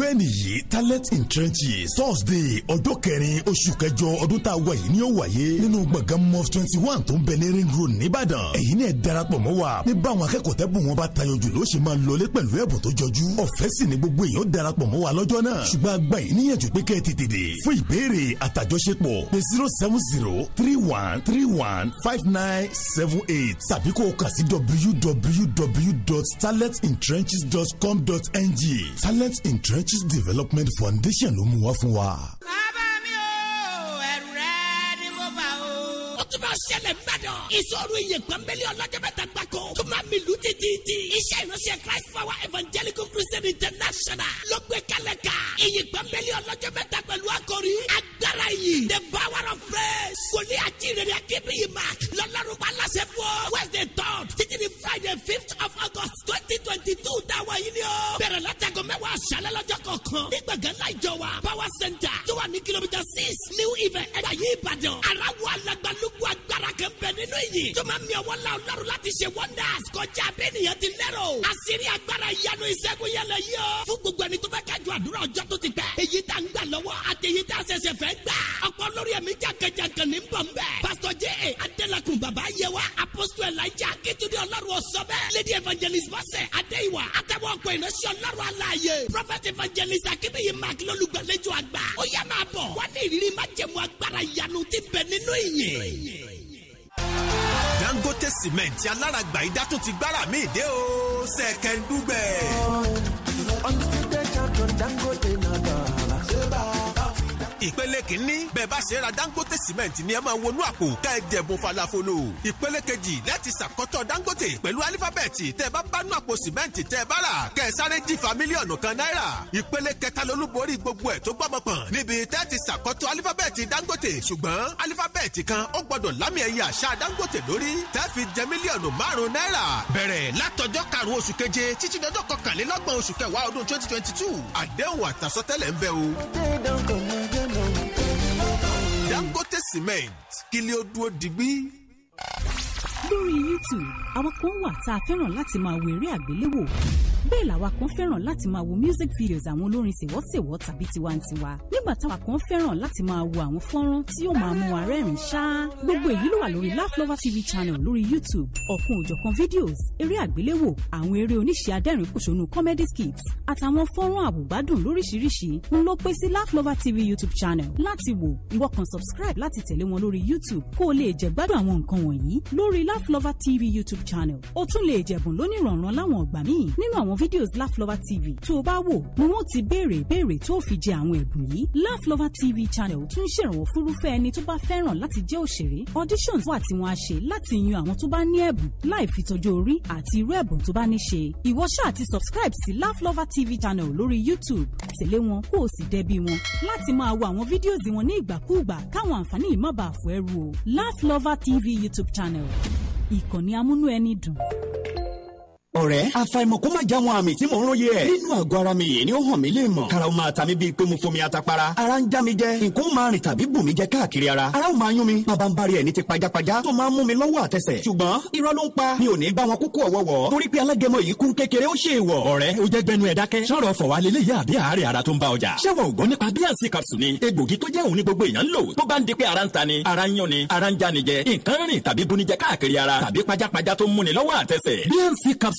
irú ẹ̀ talent in trenches thursday ọjọ́ kẹrin oṣù kẹjọ ọdún tá a wà ni ó wáyé nínú gbọ̀ngàn mọ́f twenty one tó ń bẹ ní ring road nìbàdàn èyí ni ẹ darapọ̀ mọ́ wa ní báwọn akẹ́kọ̀ọ́ tẹ́bùn wọn bá tayọ jù ló ṣe máa lọlé pẹ̀lú ẹ̀bùn tó jọjú ọ̀fẹ́ sì ni gbogbo èèyàn darapọ̀ mọ́ wa lọ́jọ́ náà ṣùgbọ́n àgbà yìí níyànjú pé kẹ́ ẹ tètè dé fún ìbéèrè àtàjọṣepọ̀ zero seven zero three one three one five nine seven eight tàbí kó o kà sí www.talentintrenches.com.ng talent in trenches Churches Development Foundation ló mú wá fún wa. tó bá ṣẹlẹ̀ ńbàdàn. ìṣòro ìyẹn pẹ́ńbẹ́lẹ́ ọlọ́jọ́ mẹ́ta gbáko tó máa mi lù títí tí. iṣẹ́ ìránṣẹ́ Christ Power Evangelical Christian International ló gbé kalẹ̀ ká. ìyẹn pẹ́ńbẹ́lẹ́ ọlọ́jọ́ mẹ́ta pẹ̀lú akọrin the power of praise. wòlíì àti ìrẹ̀lẹ̀ akébíyì mark lọ́lọ́run bá láṣẹ fún ọ. Wednesday third títí di Friday fifth of August twenty twenty two táwọn yìí ni ó. bẹ̀rẹ̀ látàgọ́ mẹ́wàá aṣálẹ́ lọ́jọ́ kọ̀ọ̀kan nígbàgán láìjọ wa power center tó wà ní kìlómítà six New Ife ẹgbàá yìí Ìbàdàn. àràwọ̀ alágbálúg wo agbára kan bẹ nínú ìyìn tó máa mi ọwọ́ la ọlọ́run láti ṣe wonders kọjá abẹ́nìyàn ti lérò àṣírí agbára ìyanu ìṣẹ́gun yẹlẹ yọ fún gbogbo ẹni tó fẹ́ kájọ àdúrà ọjọ́ tó ti pẹ́ èyí tá ń gbà lọ́wọ́ àti èyí tá ṣẹ̀ṣẹ̀ fẹ́ gbà ọ̀pọ̀ lórí ẹ̀mí jàǹkànjàǹkàn ní bọ̀ nbẹ̀ pásítọ̀ j a adelakun baba yẹ wa apostol elijah akitunde ọlọ́run ọ̀sọ́ bẹ́ẹ̀ lady evangelist bọ́sẹ̀ adéyíwá àtẹ̀wọ́ ọ̀pọ̀ ìrẹsì ọlọ́run aláàyè prophet evangelist akínbíyì mark lólùgbàlejò àgbà ó yá máa bọ̀ wọ́n ní ìrírí májẹ̀mú agbára Dangote cement aláràgbà ìdá tún ti gbára mi dé o ṣẹ̀kẹ̀ ń dúgbẹ̀ ìpele kìíní bẹ́ẹ̀ bá ṣe ra dangote cement ni ẹ máa wọnú àpò ká ẹ jẹ̀bùn falafolo ìpele kejì láti ṣàkọ́tọ̀ dangote pẹ̀lú alifábẹ́ẹ̀tì tẹ́ bá bánú àpò cement tẹ́ bá rà kẹ́ ẹ sáré jìfà mílíọ̀nù kan náírà ìpele kẹta lolúborí gbogbo ẹ̀ tó gbọ́mọ pọ̀n níbi tẹ́ ti ṣàkọ́tọ̀ alifábẹ́ẹ̀tì dangote ṣùgbọ́n alifábẹ́ẹ̀tì kan ó gbọ́dọ̀ lámì ẹ̀yẹ àṣà dangote lórí tẹ́ fi jẹ mílíọ̀nù márùn náírà bẹ̀rẹ̀ látọjọ́ karùn oṣù keje títí dọjọ́ kọkànlélọ́gbọ̀n oṣù kẹwàá ọdún twenty twenty two àdéhùn àtàsọtẹ́lẹ̀ ń bẹ o cement kí lè dúró digbí. lórí YouTube àwọn kan wà tá a fẹ́ràn láti máa wo àgbéléwò bẹ́ẹ̀ làwa kan fẹ́ràn láti máa wo music videos àwọn olórin ṣèwọ́ṣèwọ́ tàbí tiwantiwa nígbà táwa kan fẹ́ràn láti máa wo àwọn fọ́nrán tí yóò máa mú wa rẹ́rìn ṣáá gbogbo èyí ló wà lórí Laflover TV channel lórí YouTube ọ̀kan òjọ̀kan videos eré àgbéléwò àwọn eré oníṣẹ́ adẹ́rìn-pòṣónú comedy skits àtàwọn fọ́nrán àbùgbádùn lóríṣiríṣi ń lọ pé sí Laflover TV YouTube channel láti wò ìwọ kan subscribe láti tẹ̀lé wọn lórí YouTube kó o lè jẹ gbádùn àwọn nǹkan wọ̀nyí lórí Laflover TV YouTube channel o tún lè jẹ̀bùn lónìrànràn láwọn ọ̀gbà míì nínú àwọn àwọn videos Laugh TV tó o bá wò ni wọ́n ti béèrè ìbéèrè tó fi jẹ àwọn ẹ̀bùn yìí Laugh TV channel tún ṣèrànwọ́ fúrúfẹ́ ẹni tó bá fẹ́ràn láti jẹ́ òṣèré auditions wà tí wọ́n á ṣe láti yan àwọn tó bá ní ẹ̀bùn láì fi tọ́jú orí àti irú ẹ̀bùn tó bá ní ṣe ìwọ ṣáà ti subscribe sí Laugh TV channel lórí YouTube tẹ̀lé wọn kó o sì dẹ́bi wọn láti máa wo àwọn videos wọn ní ìgbàkúùgbà káwọn àǹfààní yìí má bàa fò ẹrù o Laugh TV YouTube channel ìkànnì amúnú ẹni dùn ọ̀rẹ́ àfàìmọ̀ kó má já wọn àmì tí mò ń róye ẹ̀. nínú àgọ́ ara mi yìí ni ó hàn mí lè mọ̀. karaw máa ta mi bíi pé mo fomi atapara. ara ń já mi jẹ nǹkan máa rìn tàbí bù mí jẹ káàkiri ara. ara ó máa yún mi bàbá ń bari ẹ̀ ní ti pajápajá tó máa ń mú mi lọ́wọ́ àtẹsẹ̀. ṣùgbọ́n irọ́ ló ń pa mi ò ní bá wọn kúkú ọ̀wọ́wọ́. torí pé alágẹmọ yìí kún kékeré ó ṣe ìwọ̀. ọ̀rẹ́ o jẹ́ gbẹnu ẹ̀ dákẹ́. sọ̀rọ̀ fọ̀wálélé ni egbògi tó jẹ́ òun ní gbogbo èèyàn ń lò tó bá ń di pé ara ń ta ni ara ń yún ni ara ń já ni jẹ nǹkan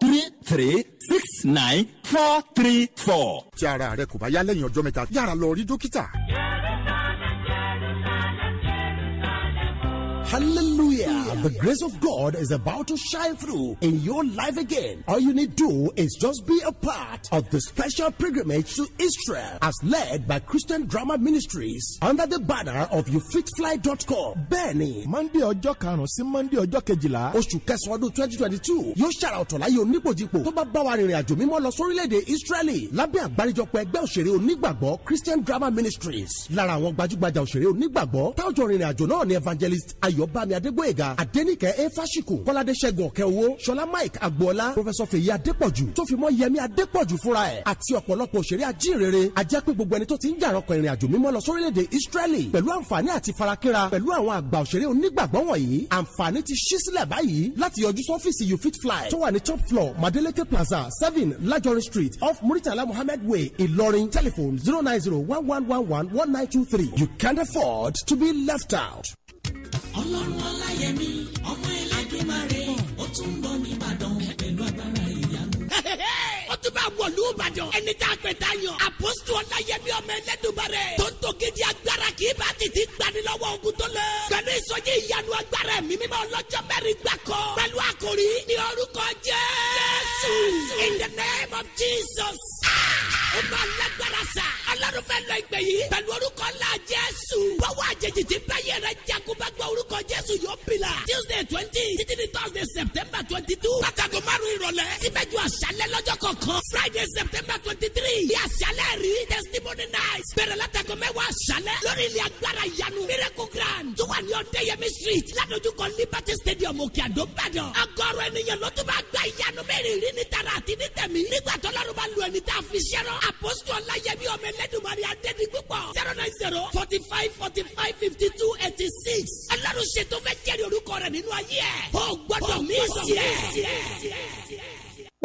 three three six nine four three four. tí ara rẹ kò bá yá lẹ́yìn ọjọ́ mẹ́ta yára lọ rí dókítà. yàrá náà. Hallelujah. The grace of God is about to shine through in your life again. All you need to do is just be a part of the special pilgrimage to Israel as led by Christian Drama Ministries under the banner of YouFitFly.com. Bẹ́ẹ̀ni, Monday ọjọ́ karùn-ún sí Monday ọjọ́ kejìlá oṣù kẹsàn-án ọdún twenty twenty two yóò ṣàrà ọ̀tọ̀ láyé onípojìpò tó bá bá wa rìnrìn àjò mímọ́ lọ sórílẹ̀-èdè Israeli lábẹ́ àgbáríjọpọ̀ ẹgbẹ́ òṣèré onígbàgbọ́ Christian Drama Ministries. Lára àwọn gbajúgbajà òṣèré onígbàgbọ́ táwọn jọ rìnrìn àjò ni evangelist Ay ayọ̀bámi adégbòyega adẹ́nìkẹ́ e fásíkò kọ́ládé ṣẹ́gun ọ̀kẹ́wò ṣọlá mike agboola pòfẹ́sọ̀ fèyí adépọ̀jù tó fi mọ́ yẹmí adépọ̀jù fúnra ẹ̀ àti ọ̀pọ̀lọpọ̀ òṣèré ajínrere ajẹ́ pé gbogbo ẹni tó ti ń yàrọ̀kọ̀ ìrìn àjò mímọ́ lọ sórílẹ̀-èdè israeli pẹ̀lú àǹfààní àti farakínra pẹ̀lú àwọn àgbà òṣèré onígbàgbọ́ wọ̀nyí àǹfààní ti ṣí sílẹ̀ báyìí láti yọjú sọ́fíìsì you fit fly tó wà top floor madeleke plaza seven lajori street off muritala mohammed way ìlọrin telephone zero nine zero one one one one one nine two three you can't afford to be left out ọlọ́run ọláyẹmí ọmọ ẹlẹ́dùnmarè ó tún ń nìbàdàn pẹ̀lú agbára ìyanu. ó tún bá wọ̀lú ìbàdàn ẹni tá a pè tá a yàn. àpòsù ọláyẹmí ọmọ ẹlẹ́dùnmarè tó ń tó agbára kì í bá tètè gbani lọ́wọ́ ogun tó lẹ. pẹ̀lú ìsọjí ìyanu agbára ẹ̀mí mímọ́ ọlọ́jọ́ mẹ́rin gbà kọ́. pẹ̀lú àkòrí ní orúkọ Jésù. in the name of Jesus. Ah! ó máa lágbára sa. ọlọ́run fẹ́ lọ ìgbẹ́ yìí pẹ̀lú orúkọ la jésù. báwo àjèjì ti báyé rẹ jagunba gba orúkọ jésù yóò bila. tuesday twenty títí di thursday september twenty two. pátákó márùn ìrọ̀lẹ́. síbẹ̀ ju àṣálẹ́ lọ́jọ́ kọ̀ọ̀kan. friday september twenty three. ní àṣálẹ́ rí testimony night. bẹ̀rẹ̀ látago mẹ́wàá àṣálẹ́. lórí ilé agbára ìyanu. miracle grand tó wà ní ọ̀dẹ́yẹmí street. ládojúkọ liberty stadium òkè àdó gbàdàn. àgọ́rọ̀ ènìyàn ló tún bá gba ìyanu mẹ́rin rí ní tara àti ní tẹ̀mí. nígbà tó lọ́rùn bá lu ẹni tá a fi ṣẹ́rọ àpòsù ọ̀làyẹmí ọmọ ẹlẹ́dùnmarì adẹ́ni púpọ̀ zero nine zero forty five forty five fifty two eighty six ọlọ́run ṣètò fẹ́ jẹ́rìí orúkọ rẹ̀ nínú ayé ẹ̀ ó mí sí ẹ̀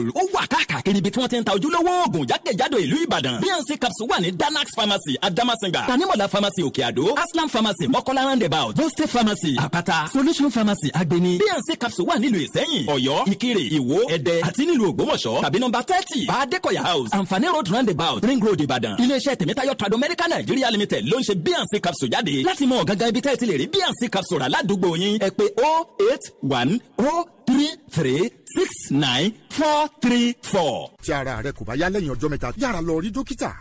capsule ó wà káàkiri ibi tí wọ́n ti ń ta ojúlówó oògùn jákèjádò ìlú ìbàdàn bnc capsule wà ní danax pharmacy adamasinga tanimola pharmacy òkè àdó aslam pharmacy mọ́kọ́lá roundabout boste pharmacy àpáta solution pharmacy agbeni bnc capsule wà nílùú ìsẹ́yìn ọ̀yọ́ ìkirè ìwó ẹ̀dẹ́ àti nílùú ògbómọ̀ṣọ́ tàbí nọmba thirty bá adékọ̀yà house àǹfààní road roundabout ring road ìbàdàn iléeṣẹ́ tèmítayọ̀ tradomedica nigeria limited ló ń ṣe bnc capsule jáde láti mọ gangan ibi tẹ́ẹ̀ ti lè rí bnc capsule rà ládùúgbò yín ẹ pé oh eight one oh three three six nine four three four. tí ara rẹ kò bá yá lẹ́yìn ọjọ́ mẹ́ta yára lọ rí dókítà.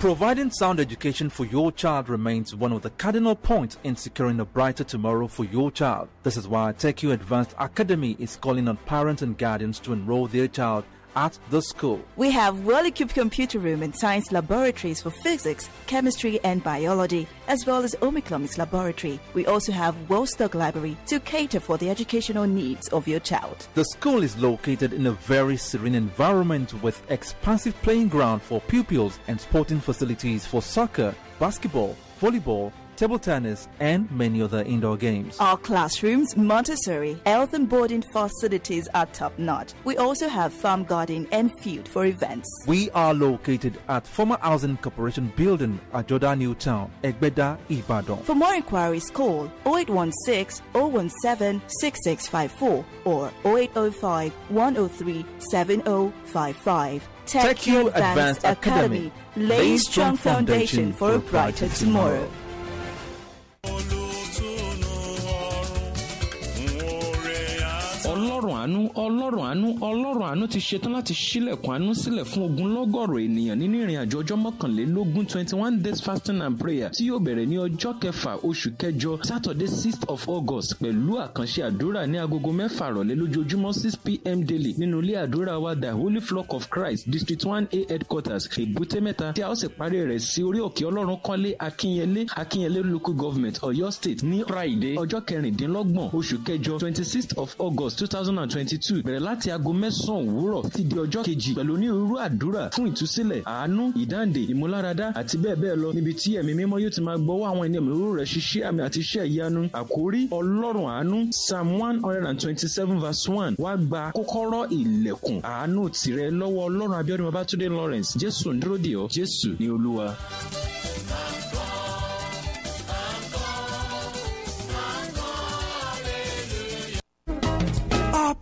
Providing sound education for your child remains one of the cardinal points in securing a brighter tomorrow for your child. This is why TechU Advanced Academy is calling on parents and guardians to enroll their child at the school. We have well-equipped computer room and science laboratories for physics, chemistry and biology, as well as Omiclomics laboratory. We also have well-stocked library to cater for the educational needs of your child. The school is located in a very serene environment with expansive playing ground for pupils and sporting facilities for soccer, basketball, volleyball, table tennis, and many other indoor games. Our classrooms, Montessori, health and boarding facilities are top notch. We also have farm garden and field for events. We are located at former Housing Corporation Building at Jordan New Town, Egbeda, Ibadan. For more inquiries, call 0816 017 6654 or 0805 103 7055. TechU Advanced, Advanced Academy, Academy lays strong foundation for a brighter tomorrow. tomorrow. ọlọ́run àánú ọlọ́run àánú ọlọ́run àánú ti ṣetán láti ṣílẹ̀kùn àánú sílẹ̀ fún ogunlọ́gọ̀rọ̀ ènìyàn nínú ìrìn àjò ọjọ́ mọ́kànlélógún twenty one days fasting and prayer tí yóò bẹ̀rẹ̀ ní ọjọ́ kẹfà oṣù kẹjọ saturday sixth of august pẹ̀lú àkànṣe àdúrà ní agogo mẹ́fà rọ̀lẹ́ lójoojúmọ́ six pm daily nínú ilé àdúrà wa the holy flock of christ district one a headquarters èbúté mẹ́ta tí a ó sì parí rẹ̀ sí orí òkè ọlọ́run kọ́lé akínyẹlé akínyẹlé local government ọ̀yọ́ state ní friday ọjọ́ kẹrìndínlọ́gbọ̀n oṣù kẹjọ twenty sixth of august two thousand thousand and twenty-two bẹ̀rẹ̀ láti aago mẹ́sàn-án òwúrọ̀ ti di ọjọ́ kejì pẹ̀lú onírúurú àdúrà fún ìtúsílẹ̀ àánú ìdáǹdè ìmúláradá àti bẹ́ẹ̀ bẹ́ẹ̀ lọ níbi tí ẹ̀mí mímọ́ yóò ti máa gbọ́wọ́ àwọn ènìyàn lóró rẹ̀ ṣiṣẹ́ àmì àti iṣẹ́ ìyanu àkórí ọlọ́run àánú psalm one hundred and twenty-seven verse one wá gba kọ́kọ́rọ́ ilẹ̀kùn àánú tìrẹ lọ́wọ́ ọlọ́run abíọ́dún babátúndé lawrence jésù ń dúró dè ọ́ jésù ni olúwa.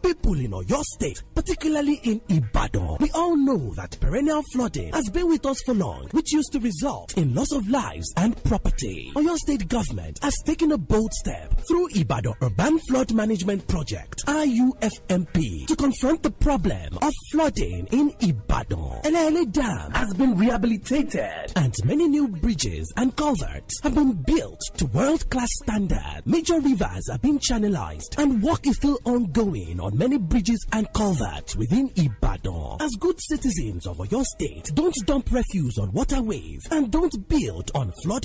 people in Oyo State, particularly in Ibadan. We all know that perennial flooding has been with us for long, which used to result in loss of lives and property. Oyo State government has taken a bold step through Ibadan Urban Flood Management Project (IUFMP) to confront the problem of flooding in Ibadan. Elele Dam has been rehabilitated, and many new bridges and culverts have been built to world-class standard. Major rivers have been channelized, and work is still ongoing on many bridges and culverts within Ibadan. As good citizens of your state, don't dump refuse on waterways and don't build on flood